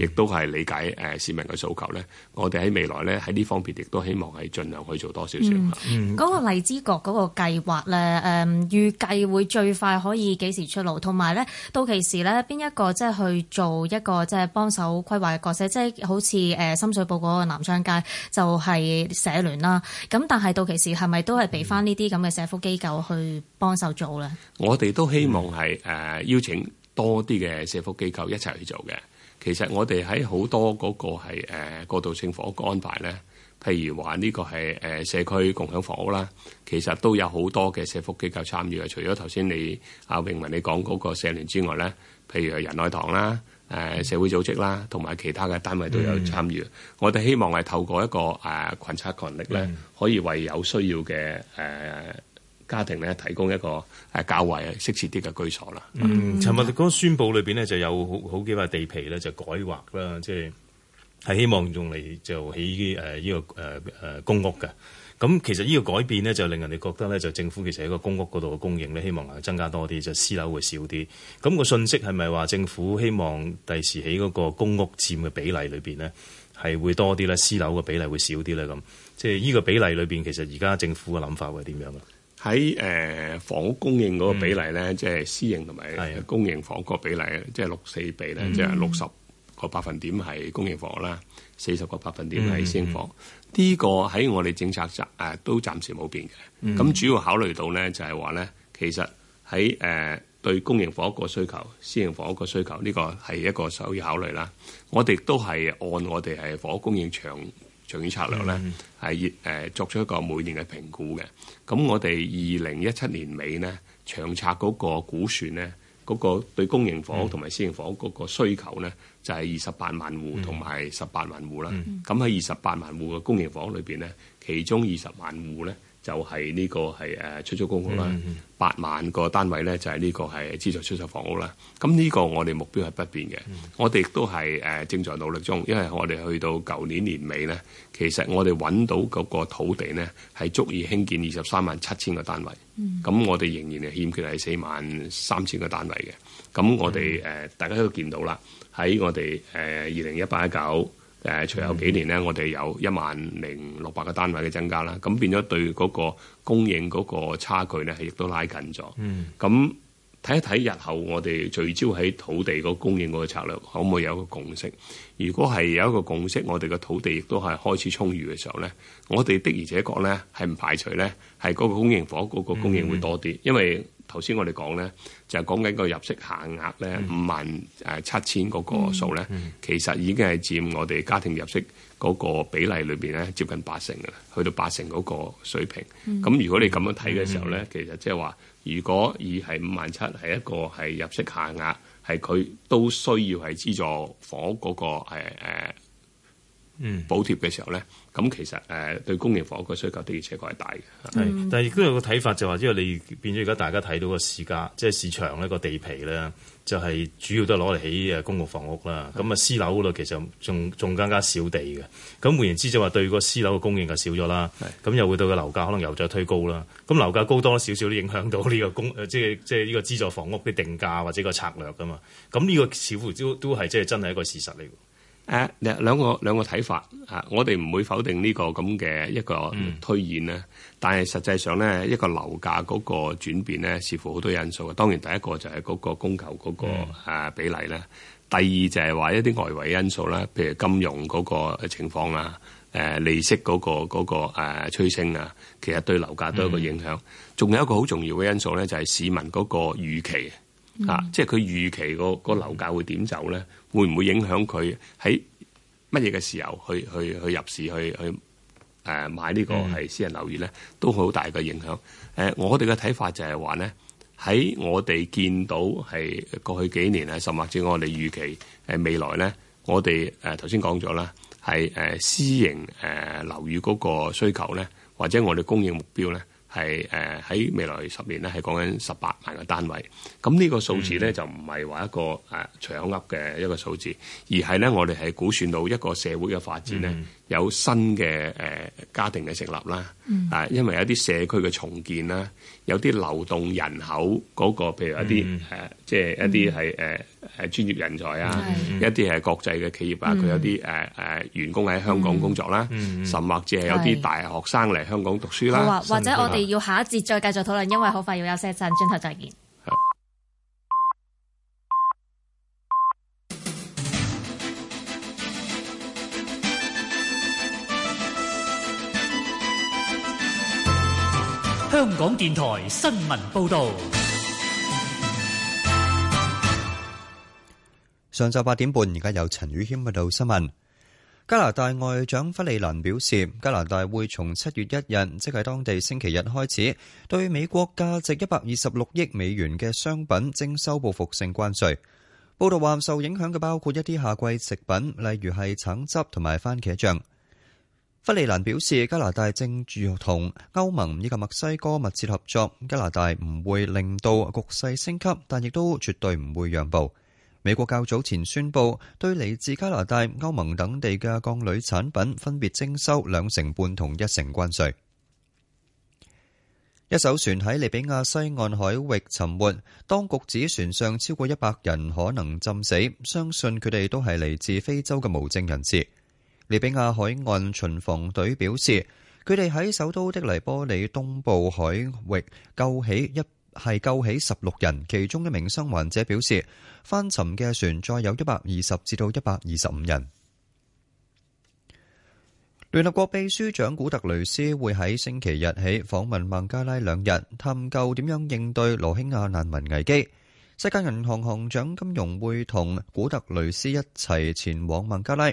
[SPEAKER 5] 亦、嗯、都係理解誒、呃、市民嘅訴求咧。我哋喺未來咧喺呢方面亦都希望係盡量去做多少少、嗯。嗯，嗰、啊、個
[SPEAKER 4] 荔枝角嗰個計劃咧，誒、嗯、預計會最快可以幾時出爐，同埋咧到期時咧邊一個即係去做一個即係幫手規劃嘅角色？即、就、係、是、好似誒、呃、深水埗嗰個南昌街就係社聯啦。咁但係到期時係咪都係、嗯。嚟翻呢啲咁嘅社福機構去幫手做
[SPEAKER 5] 咧，我哋都希望係誒、呃、邀請多啲嘅社福機構一齊去做嘅。其實我哋喺好多嗰個係誒、呃、過渡性房屋安排咧，譬如話呢個係誒社區共享房屋啦，其實都有好多嘅社福機構參與嘅。除咗頭先你阿榮文你講嗰個社聯之外咧，譬如係仁愛堂啦。誒社會組織啦，同埋其他嘅單位都有參與。嗯、我哋希望係透過一個誒群策群力咧，嗯、可以為有需要嘅誒、呃、家庭咧，提供一個誒較為適切啲嘅居所啦。嗯，尋日嗰個宣佈裏面呢就有好，好幾塊地皮
[SPEAKER 2] 咧，就改劃啦，即係係希望用嚟就起呢、呃這個誒、呃、公屋嘅。咁其實呢個改變咧，就令人哋覺得咧，就政府其實喺個公屋嗰度嘅供應咧，希望能增加多啲，就私樓會少啲。咁個訊息係咪話政府希望第時喺嗰個公屋佔嘅比例裏邊咧，係會多啲咧，私樓嘅比例會少啲咧？咁即係呢個比例裏邊，其實而家政府嘅諗法會點樣啊？
[SPEAKER 5] 喺誒、呃、房屋供應嗰個比例咧，即係、嗯、私營同埋公營房屋個比例，即係六四比咧，即係六十個百分點係公營房屋啦，四十、嗯嗯、個百分點係私營房。呢個喺我哋政策暫誒、呃、都暫時冇變嘅。咁、嗯、主要考慮到咧，就係話咧，其實喺誒對公營房屋個需求、私營房屋個需求，呢、這個係一個首要考慮啦。我哋都係按我哋係房屋供應長長遠策略咧，係誒、嗯呃、作出一個每年嘅評估嘅。咁我哋二零一七年尾呢，長策嗰個估算咧，嗰、那個對公營房屋同埋私營房屋嗰個需求咧。嗯呢就係二十八萬戶同埋十八萬戶啦。咁喺二十八萬戶嘅公營房屋裏邊咧，嗯、其中二十萬戶咧就係呢個係誒出租公屋啦。八、嗯嗯、萬個單位咧就係呢個係資助出售房屋啦。咁呢個我哋目標係不變嘅。嗯、我哋亦都係誒正在努力中，因為我哋去到舊年年尾咧，其實我哋揾到嗰個土地咧係足以興建二十三萬七千個單位。咁我哋仍然係欠缺係四萬三千個單位嘅。咁我哋誒、嗯呃、大家都見到啦。喺我哋誒二零一八一九誒，呃19，呃、隨後幾年咧，嗯、我哋有一萬零六百個單位嘅增加啦，咁變咗對嗰個供應嗰個差距咧，係亦都拉近咗。咁睇一睇日後我哋聚焦喺土地嗰個供應嗰個策略，可唔可以有一個共識？如果係有一個共識，我哋嘅土地亦都係開始充裕嘅時候咧，我哋的而且確咧係唔排除咧，係嗰個供應房嗰、嗰個供應會多啲，嗯、因為頭先我哋講咧。就講緊個入息限額咧，嗯、五萬七千嗰個數咧，嗯嗯、其實已經係佔我哋家庭入息嗰個比例裏面咧，接近八成㗎喇，去到八成嗰個水平。咁、嗯、如果你咁樣睇嘅時候咧，嗯、其實即係話，如果以係五萬七係一個係入息限額，係佢都需要係資助房屋嗰個、呃嗯，補貼嘅時候咧，咁其實誒對公營房屋嘅需求的而且確係大嘅。係、嗯，但係亦都有個睇法就話、是、話，因為你變咗而家大家睇到
[SPEAKER 2] 個市價，即係市場呢個地皮咧，就係主要都係攞嚟起公共房屋啦。咁啊私樓嗰度其實仲仲更加少地嘅。咁換言之，就話話對個私樓嘅供應就少咗啦。咁是又會對個樓價可能又再推高啦。咁樓價高多少少都影響到呢個公，即係即係呢個資助房屋嘅定價或者個策略噶嘛。咁呢個似乎都都係即係真係一個事實嚟。
[SPEAKER 5] 誒、啊、兩個兩個個睇法啊！我哋唔會否定呢個咁嘅一個推演。咧、嗯，但係實際上咧一個樓價嗰個轉變咧，似乎好多因素嘅。當然第一個就係嗰個供求嗰個、啊嗯、比例咧，第二就係話一啲外圍因素啦，譬如金融嗰個情況啊、誒利息嗰、嗰個嗰、嗰個趨、啊、升啊，其實對樓價都有個影響。仲、嗯、有一個好重要嘅因素咧，就係、是、市民嗰個預期。啊！即係佢預期個個樓價會點走咧？會唔會影響佢喺乜嘢嘅時候去去去入市去去誒買呢個係私人樓宇咧？都好大嘅影響。誒，我哋嘅睇法就係話咧，喺我哋見到係過去幾年啊，甚至我哋預期誒未來咧，我哋誒頭先講咗啦，係誒私營誒樓宇嗰個需求咧，或者我哋供應目標咧。係誒喺未來十年咧，係講緊十八萬個單位。咁呢個數字咧、嗯、就唔係話一個誒隨口噏嘅一個數字，而係咧我哋係估算到一個社會嘅發展咧、嗯、有新嘅誒、呃、家庭嘅成立啦，啊、呃，因為有一啲社區嘅重建啦。呃嗯有啲流動人口嗰、那個，譬如一啲即係一啲係誒誒專業人才啊，的嗯、一啲係國際嘅企業啊，佢、嗯、有啲誒誒員工喺香港工作啦、啊，嗯嗯嗯、甚或者係有啲大學生嚟香港讀書啦、啊。或者我哋
[SPEAKER 4] 要下一節再繼續討論，因為好快要休息一陣，轉頭再見。
[SPEAKER 1] 香港電台新聞報道：上晝八點半，而家有陳宇謙報道新聞。加拿大外長弗里蘭表示，加拿大會從七月一日，即係當地星期日開始，對美國價值一百二十六億美元嘅商品徵收報復性關稅。報道話，受影響嘅包括一啲夏季食品，例如係橙汁同埋番茄醬。弗里蘭表示，加拿大正住同歐盟以及墨西哥密切合作。加拿大唔會令到局勢升級，但亦都絕對唔會讓步。美國較早前宣布，對嚟自加拿大、歐盟等地嘅鋼鋁產品分別徵收兩成半同一成關稅。一艘船喺利比亞西岸海域沉沒，當局指船上超過一百人可能浸死，相信佢哋都係嚟自非洲嘅無證人士。利比亞海岸巡防隊表示，佢哋喺首都的黎波里東部海域救起一係救起十六人，其中一名生還者表示，翻沉嘅船載有一百二十至到一百二十五人。聯合國秘書長古特雷斯會喺星期日起訪問孟加拉兩日，探究點樣應對羅興亞難民危機。世界銀行行長金融會同古特雷斯一齊前往孟加拉。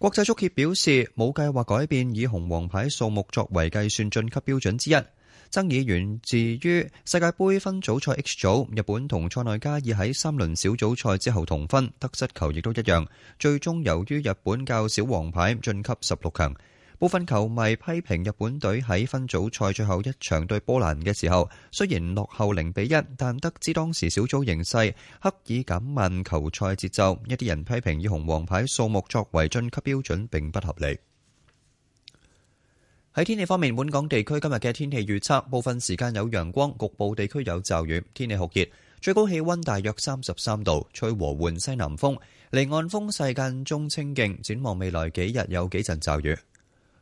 [SPEAKER 1] 國際足協表示冇計劃改變以紅黃牌數目作為計算晉級標準之一。爭議源自於世界盃分組賽 H 組，日本同塞內加爾喺三輪小組賽之後同分，得失球亦都一樣，最終由於日本較少黃牌，晉級十六強。部分球迷批評日本隊喺分組賽最後一場對波蘭嘅時候，雖然落後零比一，但得知當時小組形勢，刻意減慢球賽節奏。一啲人批評以紅黃牌數目作為晉級標準，並不合理。喺天氣方面，本港地區今日嘅天氣預測：部分時間有陽光，局部地區有驟雨，天氣酷熱，最高氣溫大約三十三度，吹和緩西南風，離岸風勢間中清勁。展望未來幾日，有幾陣驟雨。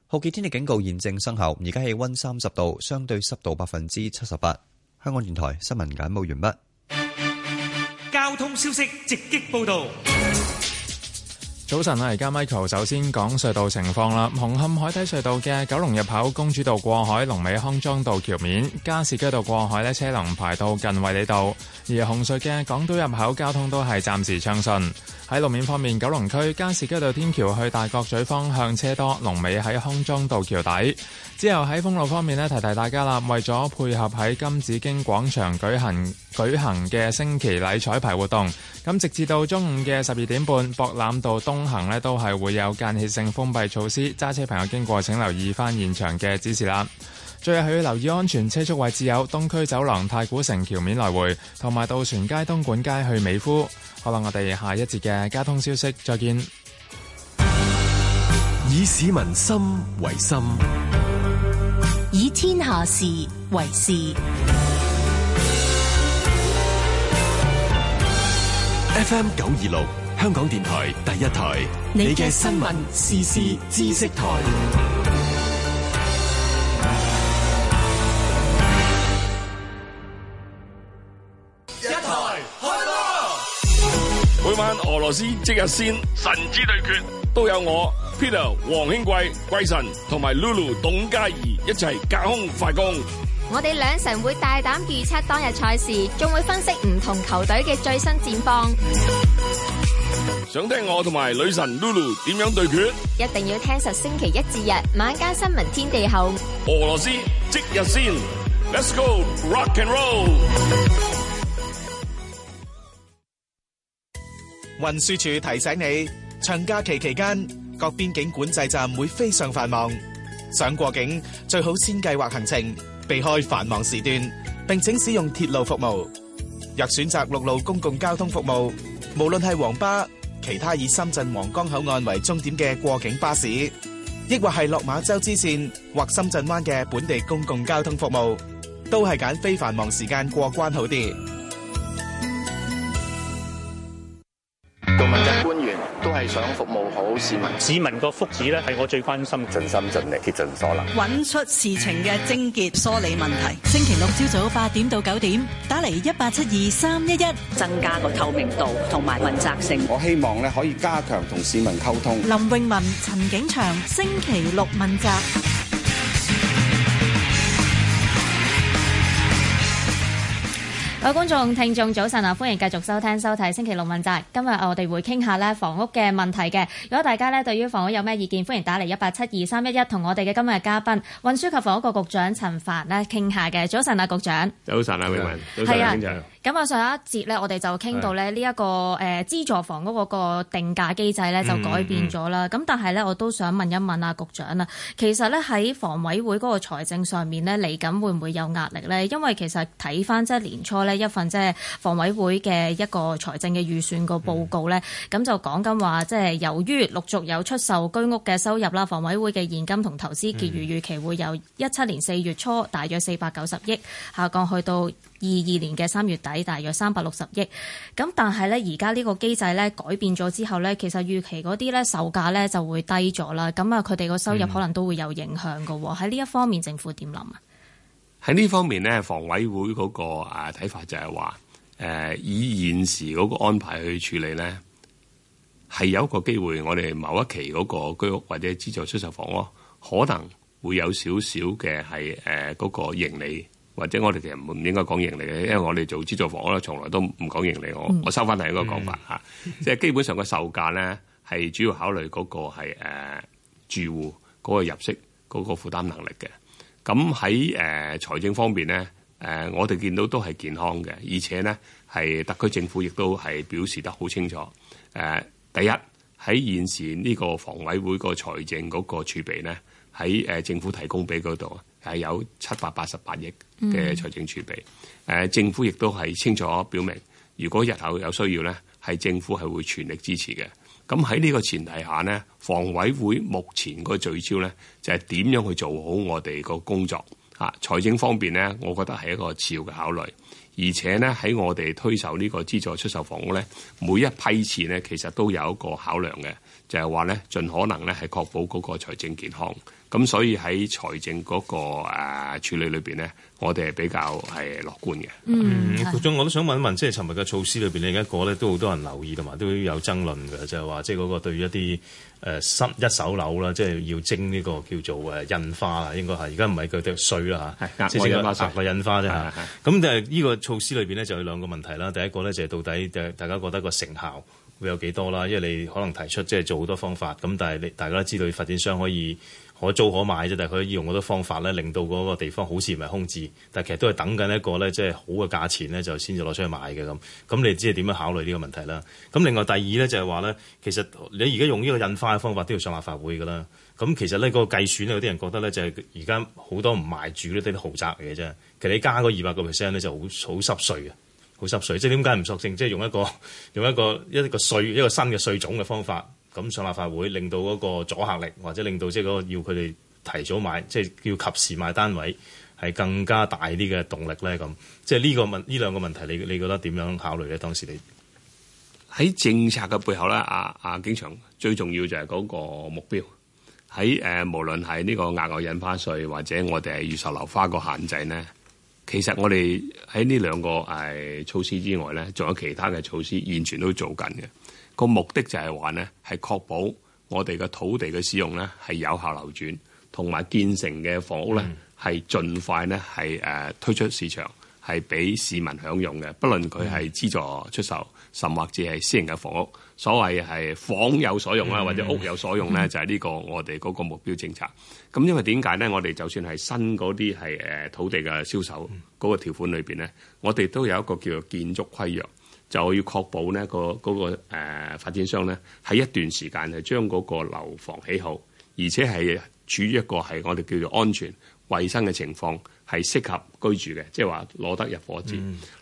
[SPEAKER 1] 酷熱天氣警告現正生效，而家氣溫三十度，相對濕度百分之七十八。香港電台新聞簡報完畢。
[SPEAKER 5] 交通消息直擊報道。
[SPEAKER 3] 早晨啊，而家 Michael 首先講隧道情況啦。紅磡海底隧道嘅九龍入口公主道過海，龍尾康莊道橋面，加士居道過海車龍排到近衛理道。而紅隧嘅港島入口交通都係暫時暢順。喺路面方面，九龍區加士居道天橋去大角咀方向車多，龍尾喺康莊道橋底。之後喺封路方面呢，提提大家啦。為咗配合喺金紫荊廣場舉行舉行嘅升旗禮彩排活動，咁直至到中午嘅十二點半，博覽道東行呢都係會有間歇性封閉措施。揸車朋友經過，請留意翻現場嘅指示啦。最後要留意安全車速位置有東區走廊、太古城橋面來回，同埋渡船街、東莞街去美孚。好啦，我哋下一節嘅交通消息，再見。以市民心為心。
[SPEAKER 1] 話事為事，FM 九二六香
[SPEAKER 3] 港電台第一台，你嘅新聞時事知識台，一
[SPEAKER 5] 台開播，每晚俄羅斯即日先神之對決都有我 Peter 黃興貴貴神同埋 Lulu 董嘉怡，一齊隔空快攻！
[SPEAKER 4] 我哋兩神會大膽預測當日賽事，仲會分析唔同球隊嘅最新戰況。
[SPEAKER 5] 想聽我同埋女神 Lulu 點樣對決？
[SPEAKER 4] 一定要聽實星期一至日晚間新聞天地後。
[SPEAKER 5] 俄羅斯即日先，Let's go rock and roll！
[SPEAKER 2] 運輸署提醒你，長假期期間各邊境管制站會非常繁忙。想過境，最好先計劃行程，避開繁忙時段，並請使用鐵路服務。若選擇陸路公共交通服務，無論係黃巴、其他以深圳皇崗口岸為終點嘅過境巴士，抑或係落馬洲支線或深圳灣嘅本地公共交通服務，都係揀非繁忙時間過
[SPEAKER 5] 關好啲。係想服務好市民，市民個福祉咧係我最關心，盡心盡力竭盡所能，
[SPEAKER 4] 揾出事情嘅症結、梳理問題。星期六朝早八點到九點，打嚟一八七二三一一，增加個透明度同埋問責性。
[SPEAKER 5] 我希望咧可以加強同市民溝通。
[SPEAKER 4] 林泳文、陳景祥，星期六問責。各位觀眾、聽眾，早晨啊！歡迎繼續收聽收睇星期六問責。今日我哋會傾下咧房屋嘅問題嘅。如果大家咧對於房屋有咩意見，歡迎打嚟一八七二三一一，同我哋嘅今日嘉賓運輸及房屋局局長陳帆咧傾下嘅。早晨啊，局長！
[SPEAKER 5] 早晨啊，永文，早晨。主
[SPEAKER 4] 咁啊，上一節咧，我哋就傾到咧呢一個誒資助房屋嗰個定價機制咧就改變咗啦。咁、嗯嗯、但係咧，我都想問一問阿局長啊，其實咧喺房委會嗰個財政上面咧嚟緊會唔會有壓力咧？因為其實睇翻即係年初呢，一份即係房委會嘅一個財政嘅預算個報告咧，咁就講緊話即係由於陸續有出售居屋嘅收入啦，房委會嘅現金同投資結餘預期會由一七年四月初大約四百九十億下降去到，二二年嘅三月底，大約三百六十億。咁但係呢，而家呢個機制呢改變咗之後呢，其實預期嗰啲呢售價呢就會低咗啦。咁啊，佢哋個收入可能都會有影響嘅喎。喺呢、嗯、一方面，政府點諗啊？
[SPEAKER 5] 喺呢方面呢，房委會嗰個啊睇法就係話，誒以現時嗰個安排去處理呢，係有一個機會，我哋某一期嗰個居屋或者資助出售房咯，可能會有少少嘅係誒嗰個盈利。或者我哋其實唔應該講盈利嘅，因為我哋做資助房咧，從來都唔講盈利。我、嗯、我收翻嚟一個講法吓，即係基本上個售價咧係主要考慮嗰個係、呃、住戶嗰個入息嗰個負擔能力嘅。咁喺財政方面咧、呃，我哋見到都係健康嘅，而且咧係特區政府亦都係表示得好清楚、呃、第一喺現時呢個房委會個財政嗰個儲備咧喺、呃、政府提供俾嗰度係有七百八十八億。嘅財政儲備，誒政府亦都係清楚表明，如果日後有需要咧，係政府係會全力支持嘅。咁喺呢個前提下呢，房委會目前個聚焦咧，就係點樣去做好我哋個工作啊。財政方面呢，我覺得係一個次要嘅考慮。而且呢，喺我哋推售呢個資助出售房屋咧，每一批次呢，其實都有一個考量嘅，就係話咧，盡可能咧係確保嗰個財政健康。咁所以喺財政嗰、那個誒、啊、處理裏邊呢，我哋係比較係樂觀嘅。嗯，
[SPEAKER 2] 局長，嗯、中我都想問一問，即係尋日嘅措施裏邊，另一個咧都好多人留意同埋都有爭論嘅，就係話即係嗰個對於一啲誒新一手樓啦，即、就、係、是、要徵呢個叫做誒印花啦，應該係是而家唔係佢哋稅啦嚇，即係徵個印花啫咁但誒，呢個措施裏邊呢，就有兩個問題啦。第一個呢，就係、是、到底大家覺得個成效會有幾多啦？因為你可能提出即係、就是、做好多方法咁，但係你大家都知道發展商可以。可租可買啫，但係佢用好多方法咧，令到嗰個地方好似唔係空置，但其實都係等緊一個咧，即係好嘅價錢咧，就先至攞出去賣嘅咁。咁你知係點樣考慮呢個問題啦？咁另外第二咧就係話咧，其實你而家用呢個印花嘅方法都要上立法會噶啦。咁其實咧個計算咧，有啲人覺得咧就係而家好多唔賣住咧啲豪宅嚟嘅啫。其實你加嗰二百個 percent 咧就好好濕碎啊。好濕碎。即係點解唔索性即係用一個用一個一個稅一個新嘅稅種嘅方法？咁上立法會，令到嗰個阻嚇力，或者令到即係嗰個要佢哋提早買，即係要及時買單位，係更加大啲嘅動力咧。咁即係呢、呢個問，
[SPEAKER 5] 呢兩個問題你，你你覺得點樣考慮咧？當時你喺政策嘅背後咧，阿、啊、阿、啊、經長最重要就係嗰個目標。喺誒，無論係呢個額外印花稅，或者我哋係預售樓花個限制呢，其實我哋喺呢兩個措施之外咧，仲有其他嘅措施，完全都做緊嘅。個目的就係話咧，係確保我哋嘅土地嘅使用咧係有效流轉，同埋建成嘅房屋咧係盡快咧係、呃、推出市場，係俾市民享用嘅。不論佢係資助出售，甚或者係私營嘅房屋，所謂係房有所用啦，或者屋有所用咧，就係、係、呢、呢個我哋嗰個目標政策。咁因為點解咧？我哋就算係新嗰啲係土地嘅銷售嗰、嗰個條款裏面咧，我哋都有一個叫做建築規約。就要確保咧、那個嗰、那個誒、呃、發展商咧喺一段時間係將嗰個樓房起好，而且係處於一個係我哋叫做安全、衞生嘅情況，係適合居住嘅，即係話攞得入伙紙。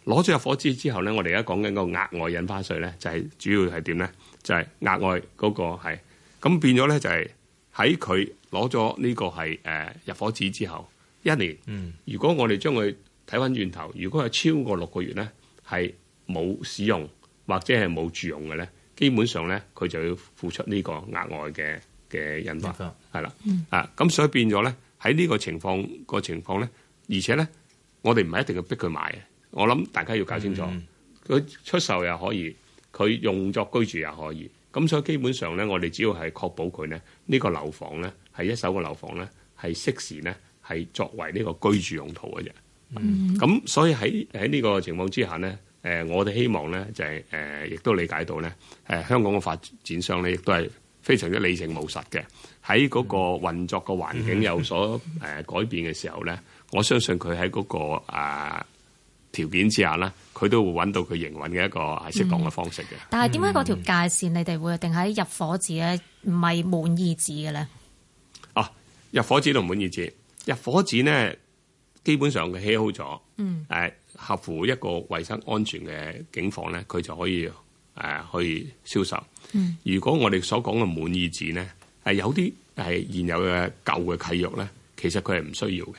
[SPEAKER 5] 攞咗、嗯、入伙紙之後咧，我哋而家講緊個額外印花稅咧，就係、是、主要係點咧？就係、是、額外嗰、那個係咁變咗咧，就係喺佢攞咗呢個係誒、呃、入伙紙之後一年。嗯、如果我哋將佢睇翻轉頭，如果係超過六個月咧，係。冇使用或者係冇住用嘅咧，基本上咧佢就要付出呢個額外嘅嘅印跡係啦、啊。咁所以變咗咧喺呢個情況、個情況咧，而且咧我哋唔係一定要逼佢買嘅。我諗大家要搞清楚佢，嗯、出售又可以，佢用作居住又可以。咁所以基本上咧，我哋只要係確保佢咧呢、呢個樓房咧係一手嘅樓房咧係適時咧係作為呢個居住用途嘅啫。咁、嗯啊、所以喺喺呢個情況之下咧。誒、呃，我哋希望咧，就係、是、誒，亦、呃、都理解到咧，誒、呃、香港嘅發展商咧，亦都係非常之理性務實嘅。喺嗰個運作嘅環境有所誒、呃、改變嘅時候咧，我相信佢喺嗰個啊、呃、條件之下啦，佢都會揾到佢營運嘅一個適當嘅方式嘅、嗯。但係點解嗰
[SPEAKER 4] 條界線你哋會定喺入伙紙咧？唔係滿意紙嘅咧？
[SPEAKER 5] 哦，入伙紙同滿意紙，入伙紙咧，基本上佢起好咗，嗯，誒。合乎一個衞生安全嘅警況咧，佢就可以誒去、啊、銷售。如果我哋所講嘅滿意紙咧，係有啲係現有嘅舊嘅契約咧，其實佢係唔需要嘅。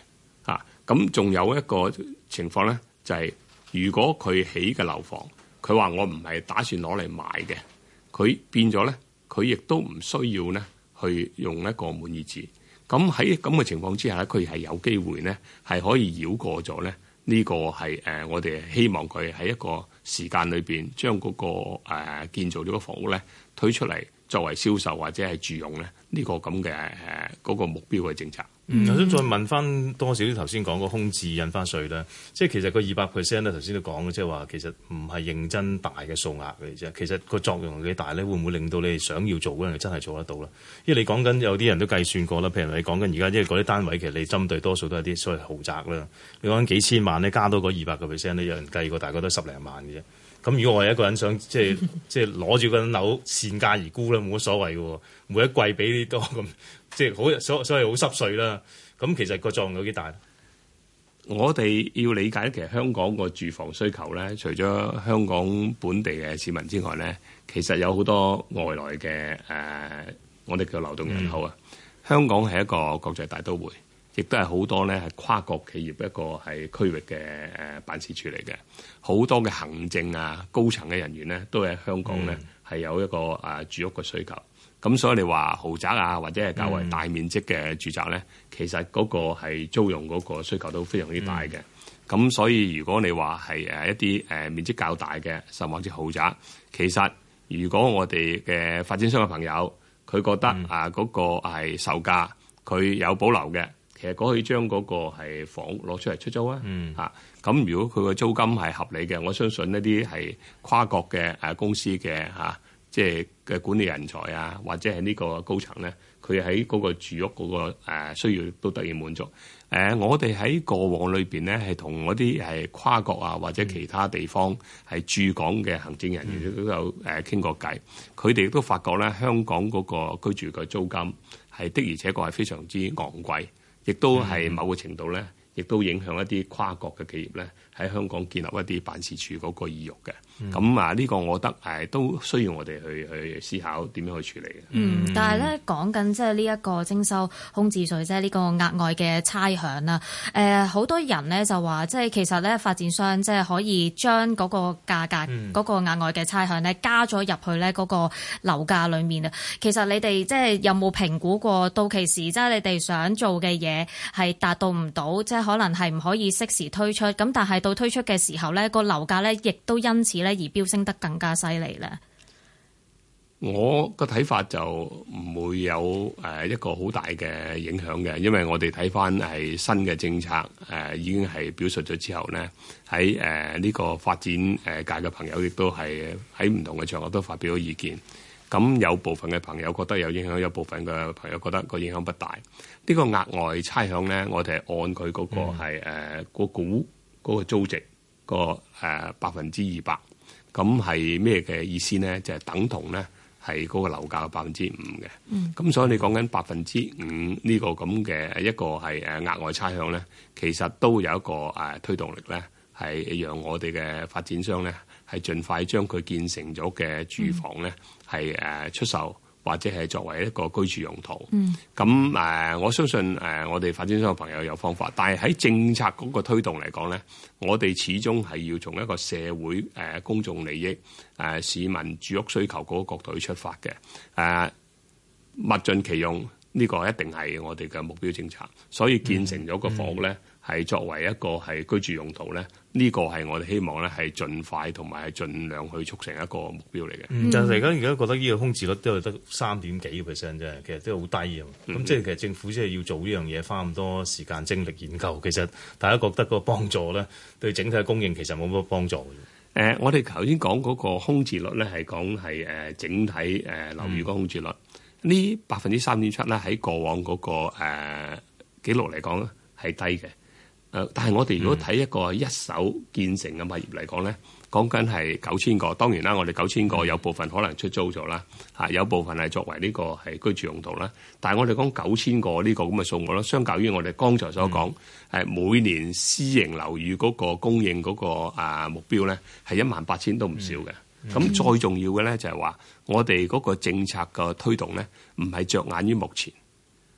[SPEAKER 5] 嚇、啊，咁仲有一個情況咧，就係、是、如果佢起嘅樓房，佢話我唔係打算攞嚟賣嘅，佢變咗咧，佢亦都唔需要咧去用一個滿意紙。咁喺咁嘅情況之下咧，佢係有機會咧係可以繞過咗咧。呢個係誒我哋希望佢喺一個時間裏邊將個誒建造呢個房屋咧推出嚟，作為銷售或者係住用咧，呢個咁嘅誒個目標嘅政策。
[SPEAKER 2] 嗯，我想、嗯、再問翻多少啲頭先講個空置印花稅咧，即係其實個二百 percent 咧，頭先都講，即係話其實唔係認真大嘅數額嚟啫。其實個作用幾大咧，會唔會令到你想要做嗰樣真係做得到咧？因為你講緊有啲人都計算過啦，譬如你講緊而家因為嗰啲單位其實你針對多數都係啲所謂豪宅啦，你講緊幾千萬咧加多個二百個 percent 咧，有人計過大概都十零萬嘅啫。咁如果我係一個人想即係即係攞住個樓善價而沽咧，冇乜所謂嘅喎，每一季俾你多咁。即係好所所謂好濕碎啦，咁其實個作用有幾大？
[SPEAKER 5] 我哋要理解其實香港個住房需求咧，除咗香港本地嘅市民之外咧，其實有好多外來嘅、呃、我哋叫流動人口啊。嗯、香港係一個國際大都會，亦都係好多咧係跨國企業一個係區域嘅誒辦事處嚟嘅，好多嘅行政啊、高層嘅人員咧，都喺香港咧係、嗯、有一個住屋嘅需求。咁所以你話豪宅啊，或者係較為大面積嘅住宅咧，嗯、其實嗰個係租用嗰個需求都非常之大嘅。咁、嗯、所以如果你話係一啲面積較大嘅，甚至豪宅，其實如果我哋嘅發展商嘅朋友佢覺得、嗯、啊嗰、那個嗰個係售價，佢有保留嘅，其實可以將嗰個係房屋攞出嚟出租、嗯、啊。咁如果佢個租金係合理嘅，我相信呢啲係跨國嘅、啊、公司嘅。即係嘅管理人才啊，或者係呢個高層咧，佢喺嗰個住屋嗰個需要都得以滿足。誒、呃，我哋喺過往裏邊咧，係同嗰啲係跨國啊，或者其他地方係駐港嘅行政人員都有誒傾過偈。佢哋、嗯、都發覺咧，香港嗰個居住嘅租金係的而且確係非常之昂貴，亦都係某個程度咧，亦都影響一啲跨國嘅企業咧。喺香港建立一啲辦事處嗰個意欲嘅。咁啊呢個我覺得誒都需要我哋去去思考點樣去處理嘅。嗯，但係咧
[SPEAKER 4] 講緊即係呢一、嗯、個徵收空置稅，即係呢個額外嘅差餉啦。誒、呃，好多人咧就話，即係其實咧發展商即係可以將嗰個價格嗰、嗯、個額外嘅差餉咧加咗入去咧個樓價裏面啊。其實你哋即係有冇評估過到期時即係你哋想做嘅嘢係達到唔到，即、就、係、是、可能係唔可以適時推出咁，但係。到推出嘅時候呢，個樓價呢亦都因此呢而飆升得更加犀利咧。
[SPEAKER 5] 我個睇法就唔會有誒一個好大嘅影響嘅，因為我哋睇返係新嘅政策誒，已經係表述咗之後呢，喺誒呢個發展誒界嘅朋友亦都係喺唔同嘅場合都發表咗意見。咁有部分嘅朋友覺得有影響，有部分嘅朋友覺得個影響不大。呢、呢個額外差餉呢，我哋係按佢嗰個係、嗯呃嗰個股。嗰個租值、個誒百分之二百，咁係咩嘅意思咧？就係、係、等同咧，係嗰個樓價嘅百分之五嘅。咁、嗯、所以你講緊百分之五呢個咁嘅一個係誒額外差餉咧，其實都有一個誒、呃、推動力咧，係讓我哋嘅發展商咧，係盡快將佢建成咗嘅住房咧，係誒、嗯呃、出售。或者係作為一個居住用途，咁誒、呃，我相信誒、呃，我哋發展商嘅朋友有方法，但係喺政策嗰個推動嚟講咧，我哋始終係要從一個社會誒、呃、公眾利益誒、呃、市民住屋需求嗰個角度去出發嘅誒、呃，物盡其用呢、呢個一定係我哋嘅目標政策，所以建成咗個房屋咧，嗯嗯係作為一個係居住用途咧，呢個係我哋希望咧係盡快同埋係盡量去促成一個目標嚟嘅。但係而家而家覺得呢個空置
[SPEAKER 2] 率都係得三點幾 percent 啫，其實都好低嘅。咁、嗯、即係其實政府即係要做呢樣嘢，花咁多時間精力研究，其實大家覺得個幫助咧，對整體嘅供應其實冇乜
[SPEAKER 5] 幫助嘅。誒、呃，我哋頭先講嗰個空置率咧，係講係誒整體誒樓宇嘅空置率呢百分之三點七咧，喺、嗯、過往嗰、那個誒記、呃、錄嚟講係低嘅。誒，但係我哋如果睇一個一手建成嘅物業嚟講咧，講緊係九千個。當然啦，我哋九千個有部分可能出租咗啦，嚇有部分係作為呢個係居住用途啦。但係我哋講九千個呢個咁嘅數目咯，相較於我哋剛才所講，係每年私營樓宇嗰個供應嗰個啊目標咧，係一萬八千都唔少嘅。咁再重要嘅咧就係話，我哋嗰個政策嘅推動咧，唔係着眼於目前，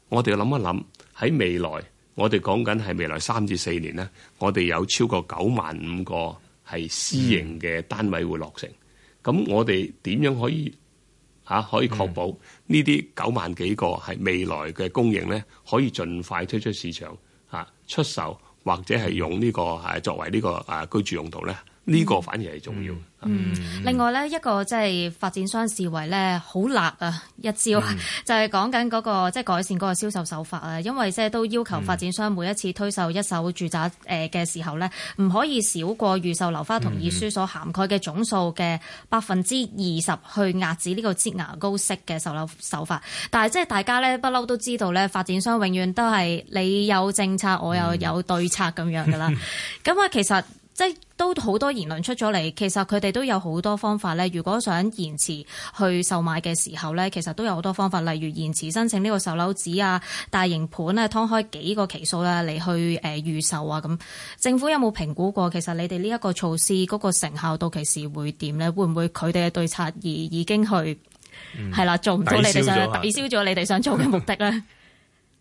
[SPEAKER 5] 我哋要諗一諗喺未來。我哋講緊係未來三至四年咧，我哋有超過九萬五個係私營嘅單位會落成。咁的我哋點樣可以、啊、可以確保呢啲九萬幾個係未來嘅供應咧，可以盡快推出市場、啊、出售或者係用呢、這個、啊、作為呢、這個啊居住用途咧？呢、這個反而係重要。嗯
[SPEAKER 4] 嗯，另外呢一個即係發展商視為呢好辣啊一招、嗯嗰個，就係講緊嗰個即係改善嗰個銷售手法啊，因為即係都要求發展商每一次推售一手住宅嘅時候呢，唔、嗯、可以少過預售樓花同意書所涵蓋嘅總數嘅百分之二十去壓止呢個擠牙膏式嘅售樓手法。但係即係大家呢，不嬲都知道呢發展商永遠都係你有政策，我又有,有對策咁樣噶啦。咁啊、嗯， 其實。即係都好多言論出咗嚟，其實佢哋都有好多方法咧。如果想延遲去售賣嘅時候咧，其實都有好多方法，例如延遲申請呢個售樓紙啊、大型盤啊、劏開幾個期數啊嚟去誒、呃、預售啊咁。政府有冇評估過其實你哋呢一個措施嗰個成效到期時會點咧？會唔會佢哋嘅對策而已經去係啦、嗯、做唔到你哋想抵消咗你哋想做嘅目的咧？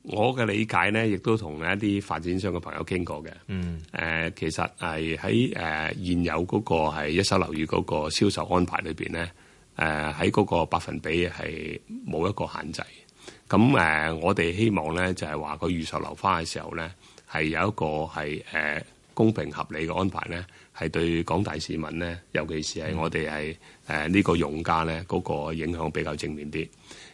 [SPEAKER 5] 我嘅理解咧，亦都同一啲發展商嘅朋友傾過嘅、嗯呃。其實係喺誒現有嗰個係一手樓宇嗰個銷售安排裏面咧，誒喺嗰個百分比係冇一個限制。咁誒、呃，我哋希望咧就係、是、話個預售樓花嘅時候咧，係有一個係、呃、公平合理嘅安排咧，係對廣大市民咧，尤其是係我哋係呢個用家咧嗰、那個影響比較正面啲。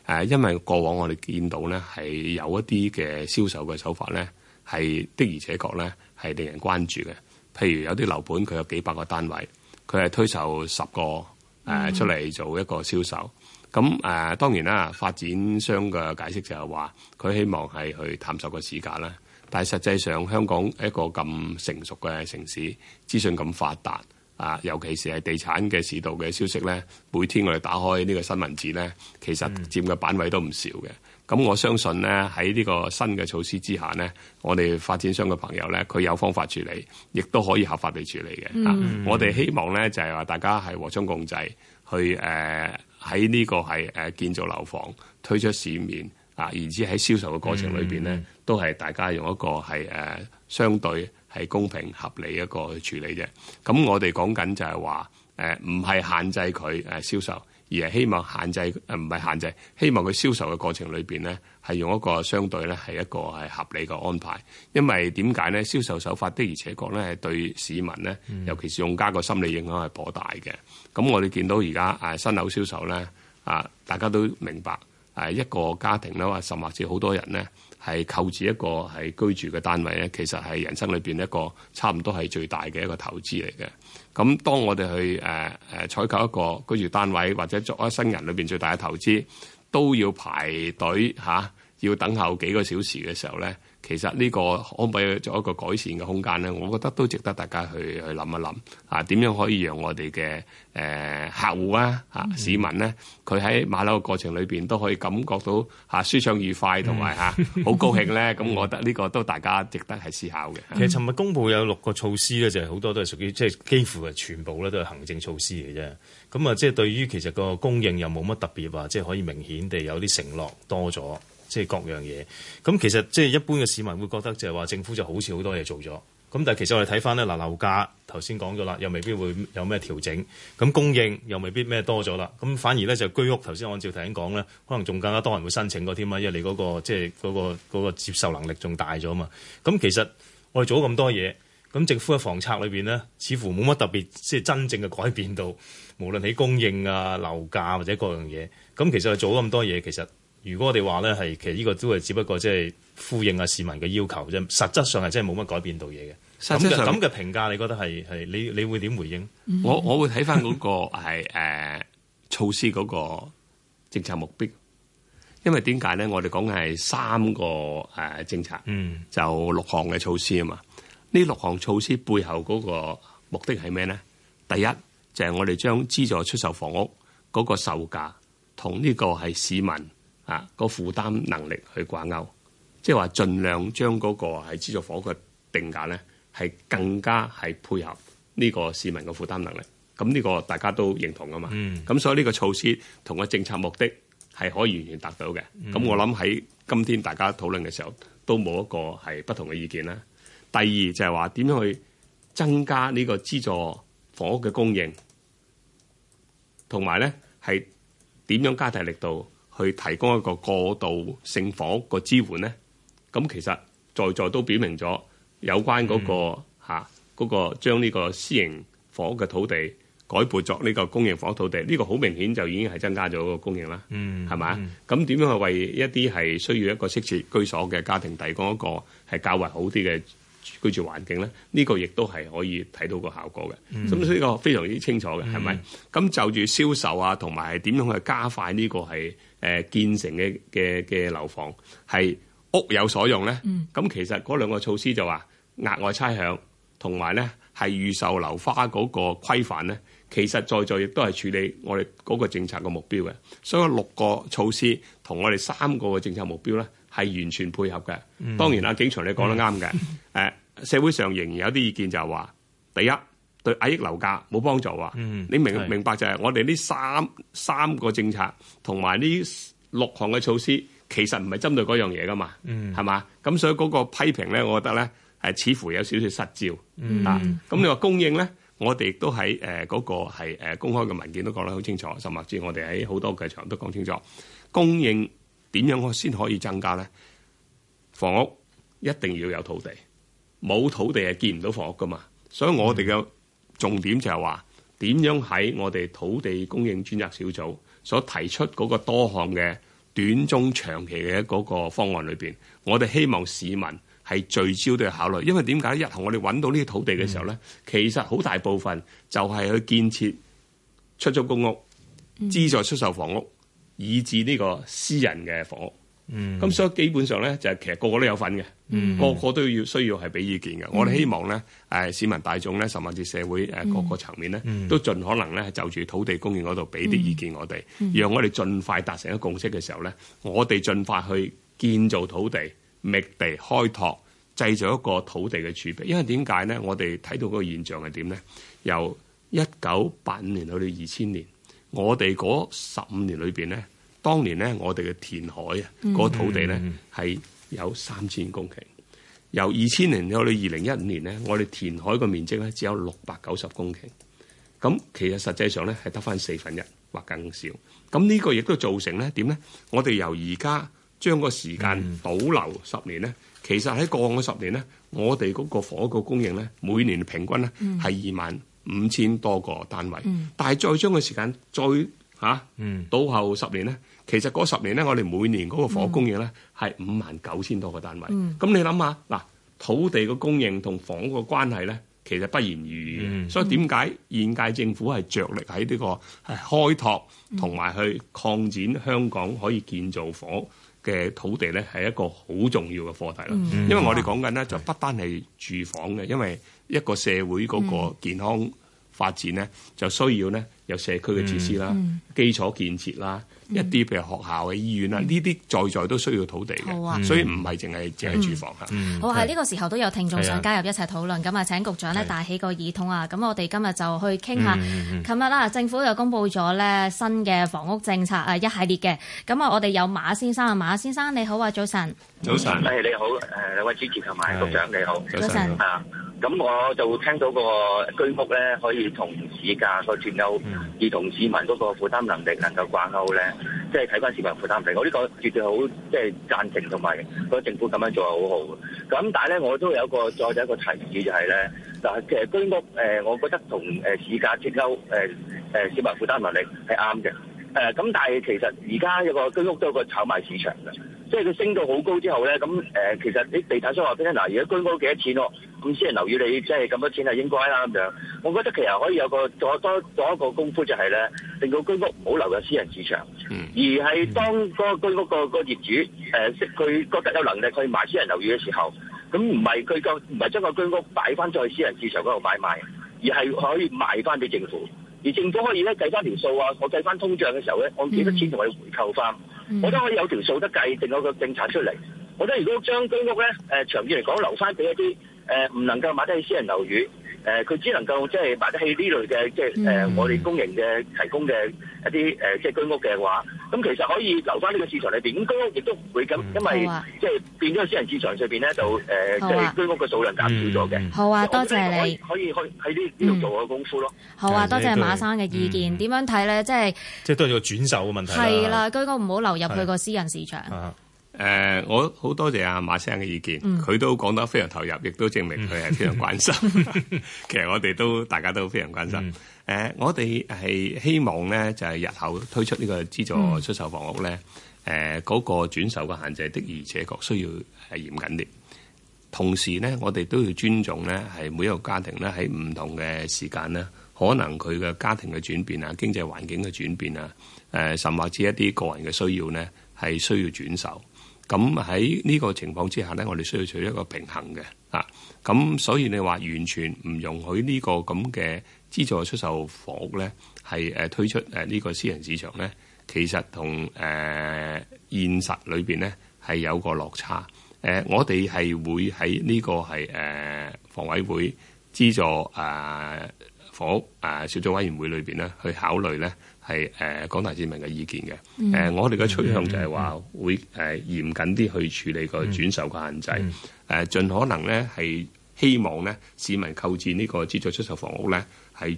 [SPEAKER 5] 誒，因為過往我哋見到咧，係有一啲嘅銷售嘅手法咧，係的而且確咧係令人關注嘅。譬如有啲樓盤佢有幾百個單位，佢係推售十個誒出嚟做一個銷售。咁誒、嗯、當然啦，發展商嘅解釋就係話佢希望係去探索個市價啦。但係實際上香港一個咁成熟嘅城市，資訊咁發達。啊，尤其是係地產嘅市道嘅消息咧，每天我哋打開呢個新聞紙咧，其實佔嘅版位都唔少嘅。咁我相信咧，喺呢個新嘅措施之下咧，我哋發展商嘅朋友咧，佢有方法處理，亦都可以合法地處理嘅、嗯啊。我哋希望咧就係、是、話大家係和衷共濟，去誒喺呢個係誒建造樓房推出市面啊，然之後喺銷售嘅過程裏邊咧，嗯、都係大家用一個係誒、呃、相對。係公平合理一個處理啫，咁我哋講緊就係話，呃、唔係限制佢誒銷售，而係希望限制唔係、呃、限制，希望佢銷售嘅過程裏面咧，係用一個相對咧係一個係合理嘅安排。因為點解咧？銷售手法的而且確咧係對市民咧，尤其是用家個心理影響係頗大嘅。咁我哋見到而家、啊、新樓銷售咧，啊大家都明白、啊、一個家庭啦，或甚或者好多人咧。係購置一個係居住嘅單位咧，其實係人生裏面一個差唔多係最大嘅一個投資嚟嘅。咁當我哋去誒誒採購一個居住單位或者作一生人裏面最大嘅投資，都要排隊、吓、要等候幾個小時嘅時候咧。其實呢個可唔可以做一個改善嘅空間咧？我覺得都值得大家去去諗一諗啊點樣可以讓我哋嘅、呃、客戶啊市民呢、啊，佢喺買樓嘅過程裏邊都可以感覺到嚇、啊、舒暢愉快同埋好高興咧。咁、嗯、我覺得呢個都大家值得係思考嘅。其實尋日公布有六個措施咧，就係、是、好多都係屬於即係幾乎係
[SPEAKER 2] 全部咧都係行政措施嚟啫。咁啊，即係對於其實個供應又冇乜特別話，即、就、係、是、可以明顯地有啲承諾多咗。即係各樣嘢，咁其實即係一般嘅市民會覺得就係話政府就好似好多嘢做咗，咁但係其實我哋睇翻咧，嗱樓價頭先講咗啦，又未必會有咩調整，咁供應又未必咩多咗啦，咁反而咧就居屋頭先按照頭先講咧，可能仲更加多人會申請個添啊，因為你嗰個即係嗰個接受能力仲大咗嘛，咁其實我哋做咗咁多嘢，咁政府嘅房策裏邊咧，似乎冇乜特別即係真正嘅改變到，無論喺供應啊樓價啊或者各樣嘢，咁其實我哋做咗咁多嘢，其實。如果我哋話咧，係其實呢個都係只不過即係呼應下市民嘅要求啫。實質上係真係冇乜改變到嘢
[SPEAKER 5] 嘅咁嘅咁嘅
[SPEAKER 2] 評價，你覺得係係你你會點回應？嗯、
[SPEAKER 5] 哼我我會睇翻嗰個係、 呃、措施嗰個政策目標，因為點解咧？我哋講嘅係三個誒、呃、政策，嗯，就六項嘅措施啊嘛。呢、嗯、六項措施背後嗰個目的係咩咧？第一就係、是、我哋將資助出售房屋嗰個售價同呢個係市民。啊！個負擔能力去掛鈎，即係話盡量將嗰個喺資助房嘅定價咧，係更加係配合呢個市民嘅負擔能力。咁呢個大家都認同啊嘛。咁、嗯、所以呢個措施同個政策目的係可以完全達到嘅。咁、嗯、我諗喺今天大家討論嘅時候，都冇一個係不同嘅意見啦。第二就係話點樣去增加呢個資助房屋嘅供應，同埋咧係點樣加大力度？去提供一個過渡性房屋個支援咧，咁其實在座都表明咗有關嗰、那個嚇嗰、嗯啊那個、將呢個私營房屋嘅土地改撥作呢個公營房屋土地，呢、這個好明顯就已經係增加咗個供應啦，嗯，
[SPEAKER 2] 係
[SPEAKER 5] 咪啊？咁點樣去為一啲係需要一個適切居所嘅家庭提供一個係較為好啲嘅居住環境咧？呢、這個亦都係可以睇到一個效果嘅，咁所以呢、嗯、個非常之清楚嘅，係咪、嗯？咁就住銷售啊，同埋點樣去加快呢個係？誒建成嘅嘅嘅樓房係屋有所用咧，咁、嗯、其實嗰兩個措施就話額外差餉，同埋咧係預售樓花嗰個規範咧，其實在在亦都係處理我哋嗰個政策嘅目標嘅，所以六個措施同我哋三個嘅政策目標咧係完全配合嘅。嗯、當然，阿景祥你講得啱嘅，誒、嗯、 社會上仍然有啲意見就係話，第一。對壓抑樓價冇幫助啊！嗯、你明明白是就係我哋呢三三個政策同埋呢六項嘅措施，其實唔係針對嗰樣嘢噶嘛，係嘛、嗯？咁所以嗰個批評咧，我覺得咧係似乎有少少失焦、
[SPEAKER 2] 嗯、啊！
[SPEAKER 5] 咁你話供應咧，嗯、我哋亦都喺誒嗰個係公開嘅文件都講得好清楚，甚至我哋喺好多嘅場都講清楚供應點樣先可以增加咧？房屋一定要有土地，冇土地係見唔到房屋噶嘛，所以我哋嘅、嗯。重點就係話點樣喺我哋土地供應專責小組所提出嗰個多項嘅短中長期嘅嗰個方案裏邊，我哋希望市民係聚焦都要考慮，因為點解？日後我哋揾到呢個土地嘅時候咧，嗯、其實好大部分就係去建設出租公屋、資助出售房屋，以至呢個私人嘅房屋。咁、嗯、所以基本上咧，就係其實個個都有份嘅，嗯、個個都要需要係俾意見嘅。我哋希望咧，誒、呃、市民大眾咧，甚至社會誒、呃、各個層面咧，嗯、都盡可能咧就住土地供應嗰度俾啲意見我哋，嗯嗯、讓我哋盡快達成一個共識嘅時候咧，我哋盡快去建造土地、覓地、開拓、製造一個土地嘅儲備。因為點解咧？我哋睇到嗰個現象係點咧？由一九八五年去到二千年，我哋嗰十五年裏邊咧。當年咧，我哋嘅填海啊，嗰、那個、土地咧係、mm hmm. 有三千公頃。由二千年到到二零一五年咧，我哋填海嘅面積咧只有六百九十公頃。咁其實實際上咧係得翻四分一或更少。咁呢個亦都造成咧點咧？我哋由而家將個時間倒流十年咧，mm hmm. 其實喺過往嘅十年咧，我哋嗰個火個供應咧每年平均咧係二萬五千多個單位。Mm hmm. 但係再將個時間再嚇、啊 mm hmm. 倒後十年咧。其實嗰十年咧，我哋每年嗰個房屋供應咧係五萬九千多個單位。咁你諗下，嗱土地嘅供應同房屋嘅關係咧，其實不言而喻。嗯、所以點解現屆政府係着力喺呢個係開拓同埋去擴展香港可以建造房屋嘅土地咧，係一個好重要嘅課題啦。嗯、因為我哋講緊咧，就不單係住房嘅，因為一個社會嗰個健康發展咧，就需要咧有社區嘅設施啦、嗯、基礎建設啦。一啲譬如學校嘅醫院啦，呢啲、嗯、在在都需要土地嘅，啊、所以唔係淨係淨係住房、嗯嗯、好
[SPEAKER 4] 係呢是個時候都有聽眾想加入一齊討論，咁啊請局長呢帶起個耳筒啊！咁我哋今日就去傾下，琴日啦政府又公布咗咧新嘅房屋政策啊一系列嘅，咁啊我哋有馬先生啊，馬先生你好啊，早晨。
[SPEAKER 6] 早晨，你好，誒兩位主席同埋局長的你好，早晨上啊，咁我就聽到個居屋咧可以同市價去脫鈎，嗯、而同市民嗰個負擔能力能夠掛鈎咧，即係睇返市民負擔能力，我呢個絕對好，即、就、係、是、贊成同埋個政府咁樣做係好好。咁但係咧，我都有一個再就一個提議就係咧，嗱，其實居屋、呃、我覺得同市價脫鈎誒、呃、市民負擔能力係啱嘅。誒咁、呃，但係其實而家有個居屋都有個炒賣市場嘅，即係佢升到好高之後咧，咁、呃、其實你地產商話俾聽，嗱、欸，而家居屋幾多錢喎？咁私人樓宇你即係咁多錢係應該啦咁樣。我覺得其實可以有個做多一,一個功夫，就係、是、咧，令到居屋唔好留喺私人市場，嗯、而係當個居屋個業主識佢、呃、覺得有能力去賣私人樓宇嘅時候，咁唔係佢個唔將個居屋擺翻再私人市場嗰度買賣，而係可以賣翻俾政府。而政府可以咧計翻條數啊，我計翻通脹嘅時候咧，按幾多錢同佢回購翻，嗯、我都可以有條數得計，定咗個政策出嚟。我覺得如果將居屋咧、呃，長遠嚟講留翻俾一啲唔、呃、能夠買得起私人樓宇。誒，佢只能夠即係賣得起呢類嘅，即係誒我哋公營嘅提供嘅一啲誒，即係居屋嘅話，咁其實可以留翻呢個市場裏邊，應該亦都唔會咁，因為即係變咗私人市場上邊咧就誒，即係居屋嘅數量減少咗嘅。好啊，多謝你。可以可以喺呢呢度做下功夫
[SPEAKER 2] 咯。
[SPEAKER 4] 好啊，多謝馬生嘅意見。點樣睇咧？即係
[SPEAKER 5] 即係都係個轉手嘅問題。係啦，
[SPEAKER 4] 居屋唔好流入佢個私人市場。
[SPEAKER 5] 誒、呃，我好多謝阿馬生嘅意見，佢、嗯、都講得非常投入，亦都證明佢係非常關心。嗯、 其實我哋都大家都非常關心。誒、嗯呃，我哋係希望咧，就係、是、日後推出呢個資助出售房屋咧，誒、呃、嗰、那個轉售嘅限制的而且確需要係嚴謹啲。同時咧，我哋都要尊重咧，係每一個家庭咧，喺唔同嘅時間咧，可能佢嘅家庭嘅轉變啊、經濟環境嘅轉變啊，甚甚至一啲個人嘅需要咧，係需要轉售。咁喺呢個情況之下呢，我哋需要取得一個平衡嘅，啊，咁所以你話完全唔容許呢個咁嘅資助出售房屋呢，係、啊、推出呢、啊呢個私人市場呢。其實同誒、啊、現實裏面呢，係有個落差，誒、啊、我哋係會喺呢個係誒、啊、房委會資助誒房、啊、屋、啊、小組委員會裏面呢，去考慮呢。係誒廣大市民嘅意見嘅，誒、嗯呃、我哋嘅趨向就係話、嗯嗯、會誒、呃、嚴謹啲去處理個轉售嘅限制，誒、嗯嗯呃、盡可能咧係希望咧市民購置呢個資助出售房屋咧係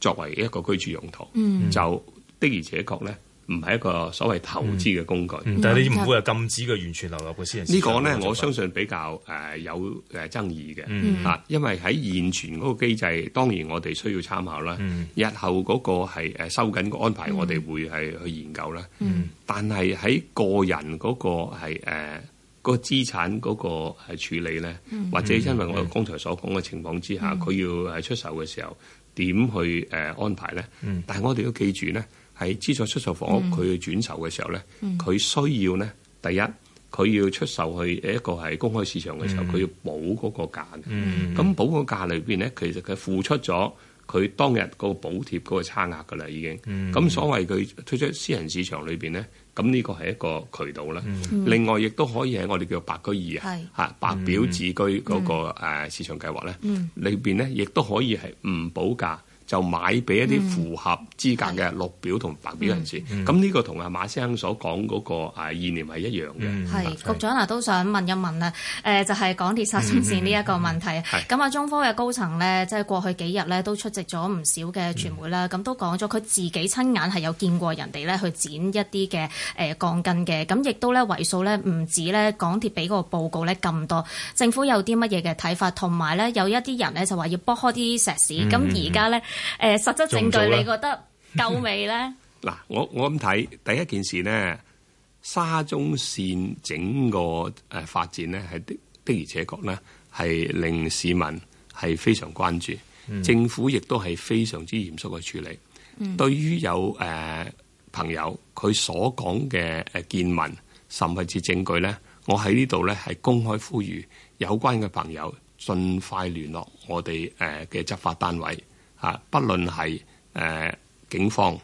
[SPEAKER 5] 作為一個居住用途，嗯、就的而且確咧。唔係一個所謂投資嘅工具，但係你唔會話禁止佢完全流入個私人。呢個咧，我相信比較有誒爭議嘅嚇，因為喺現存嗰個機制，當然我哋需要參考啦。日後嗰個係收緊個安排，我哋會係去研究啦。但係喺個人嗰個係誒個資產嗰個係處理咧，或者因為我剛才所講嘅情況之下，佢要出手嘅時候點去安排咧？但係我哋要記住咧。喺資助出售房屋佢轉售嘅時候咧，佢、嗯、需要咧，第一佢要出售去一個係公開市場嘅時候，佢、嗯、要補嗰個價嘅。咁補、嗯、個價裏邊咧，其實佢付出咗佢當日嗰個補貼嗰個差額噶啦，已經。咁、嗯、所謂佢推出私人市場裏邊咧，咁呢個係一個渠道啦。嗯、另外亦都可以喺我哋叫做白居二啊，嚇是白表自居嗰個市場計劃咧，裏邊咧亦都可以係唔補價。就買俾一啲符合資格嘅綠表同白表人士，咁呢、嗯、個同阿馬先生所講嗰個意念係一樣嘅。係，
[SPEAKER 4] 局長啊，都想問一問啦，誒就係、是、港鐵沙中線呢一個問題。咁啊、嗯，中科嘅高層呢，即係過去幾日呢都出席咗唔少嘅傳媒啦，咁、嗯、都講咗佢自己親眼係有見過人哋呢去剪一啲嘅誒鋼筋嘅，咁亦都呢，為數呢唔止呢港鐵俾個報告呢咁多。政府有啲乜嘢嘅睇法？同埋呢有一啲人呢就話要剝開啲石屎，咁而家呢。嗯誒、呃、實質證據，你覺得呢 夠未咧？
[SPEAKER 5] 嗱，我我咁睇第一件事呢，沙中線整個誒發展咧，係的的而且確咧，係令市民係非常關注。嗯、政府亦都係非常之嚴肅嘅處理。嗯、對於有誒、呃、朋友佢所講嘅誒見聞，甚至證據咧，我喺呢度咧係公開呼籲有關嘅朋友，盡快聯絡我哋誒嘅執法單位。啊！不論係誒警方、誒、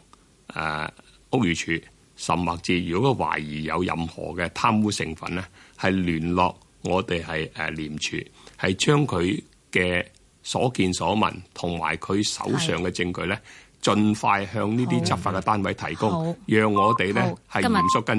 [SPEAKER 5] 呃、屋宇署，甚或至如果佢懷疑有任何嘅貪污成分咧，係聯絡我哋係誒廉署，係將佢嘅所見所聞同埋佢手上嘅證據咧，盡的快向呢啲執法嘅單位提供，的讓我哋咧係嚴肅跟。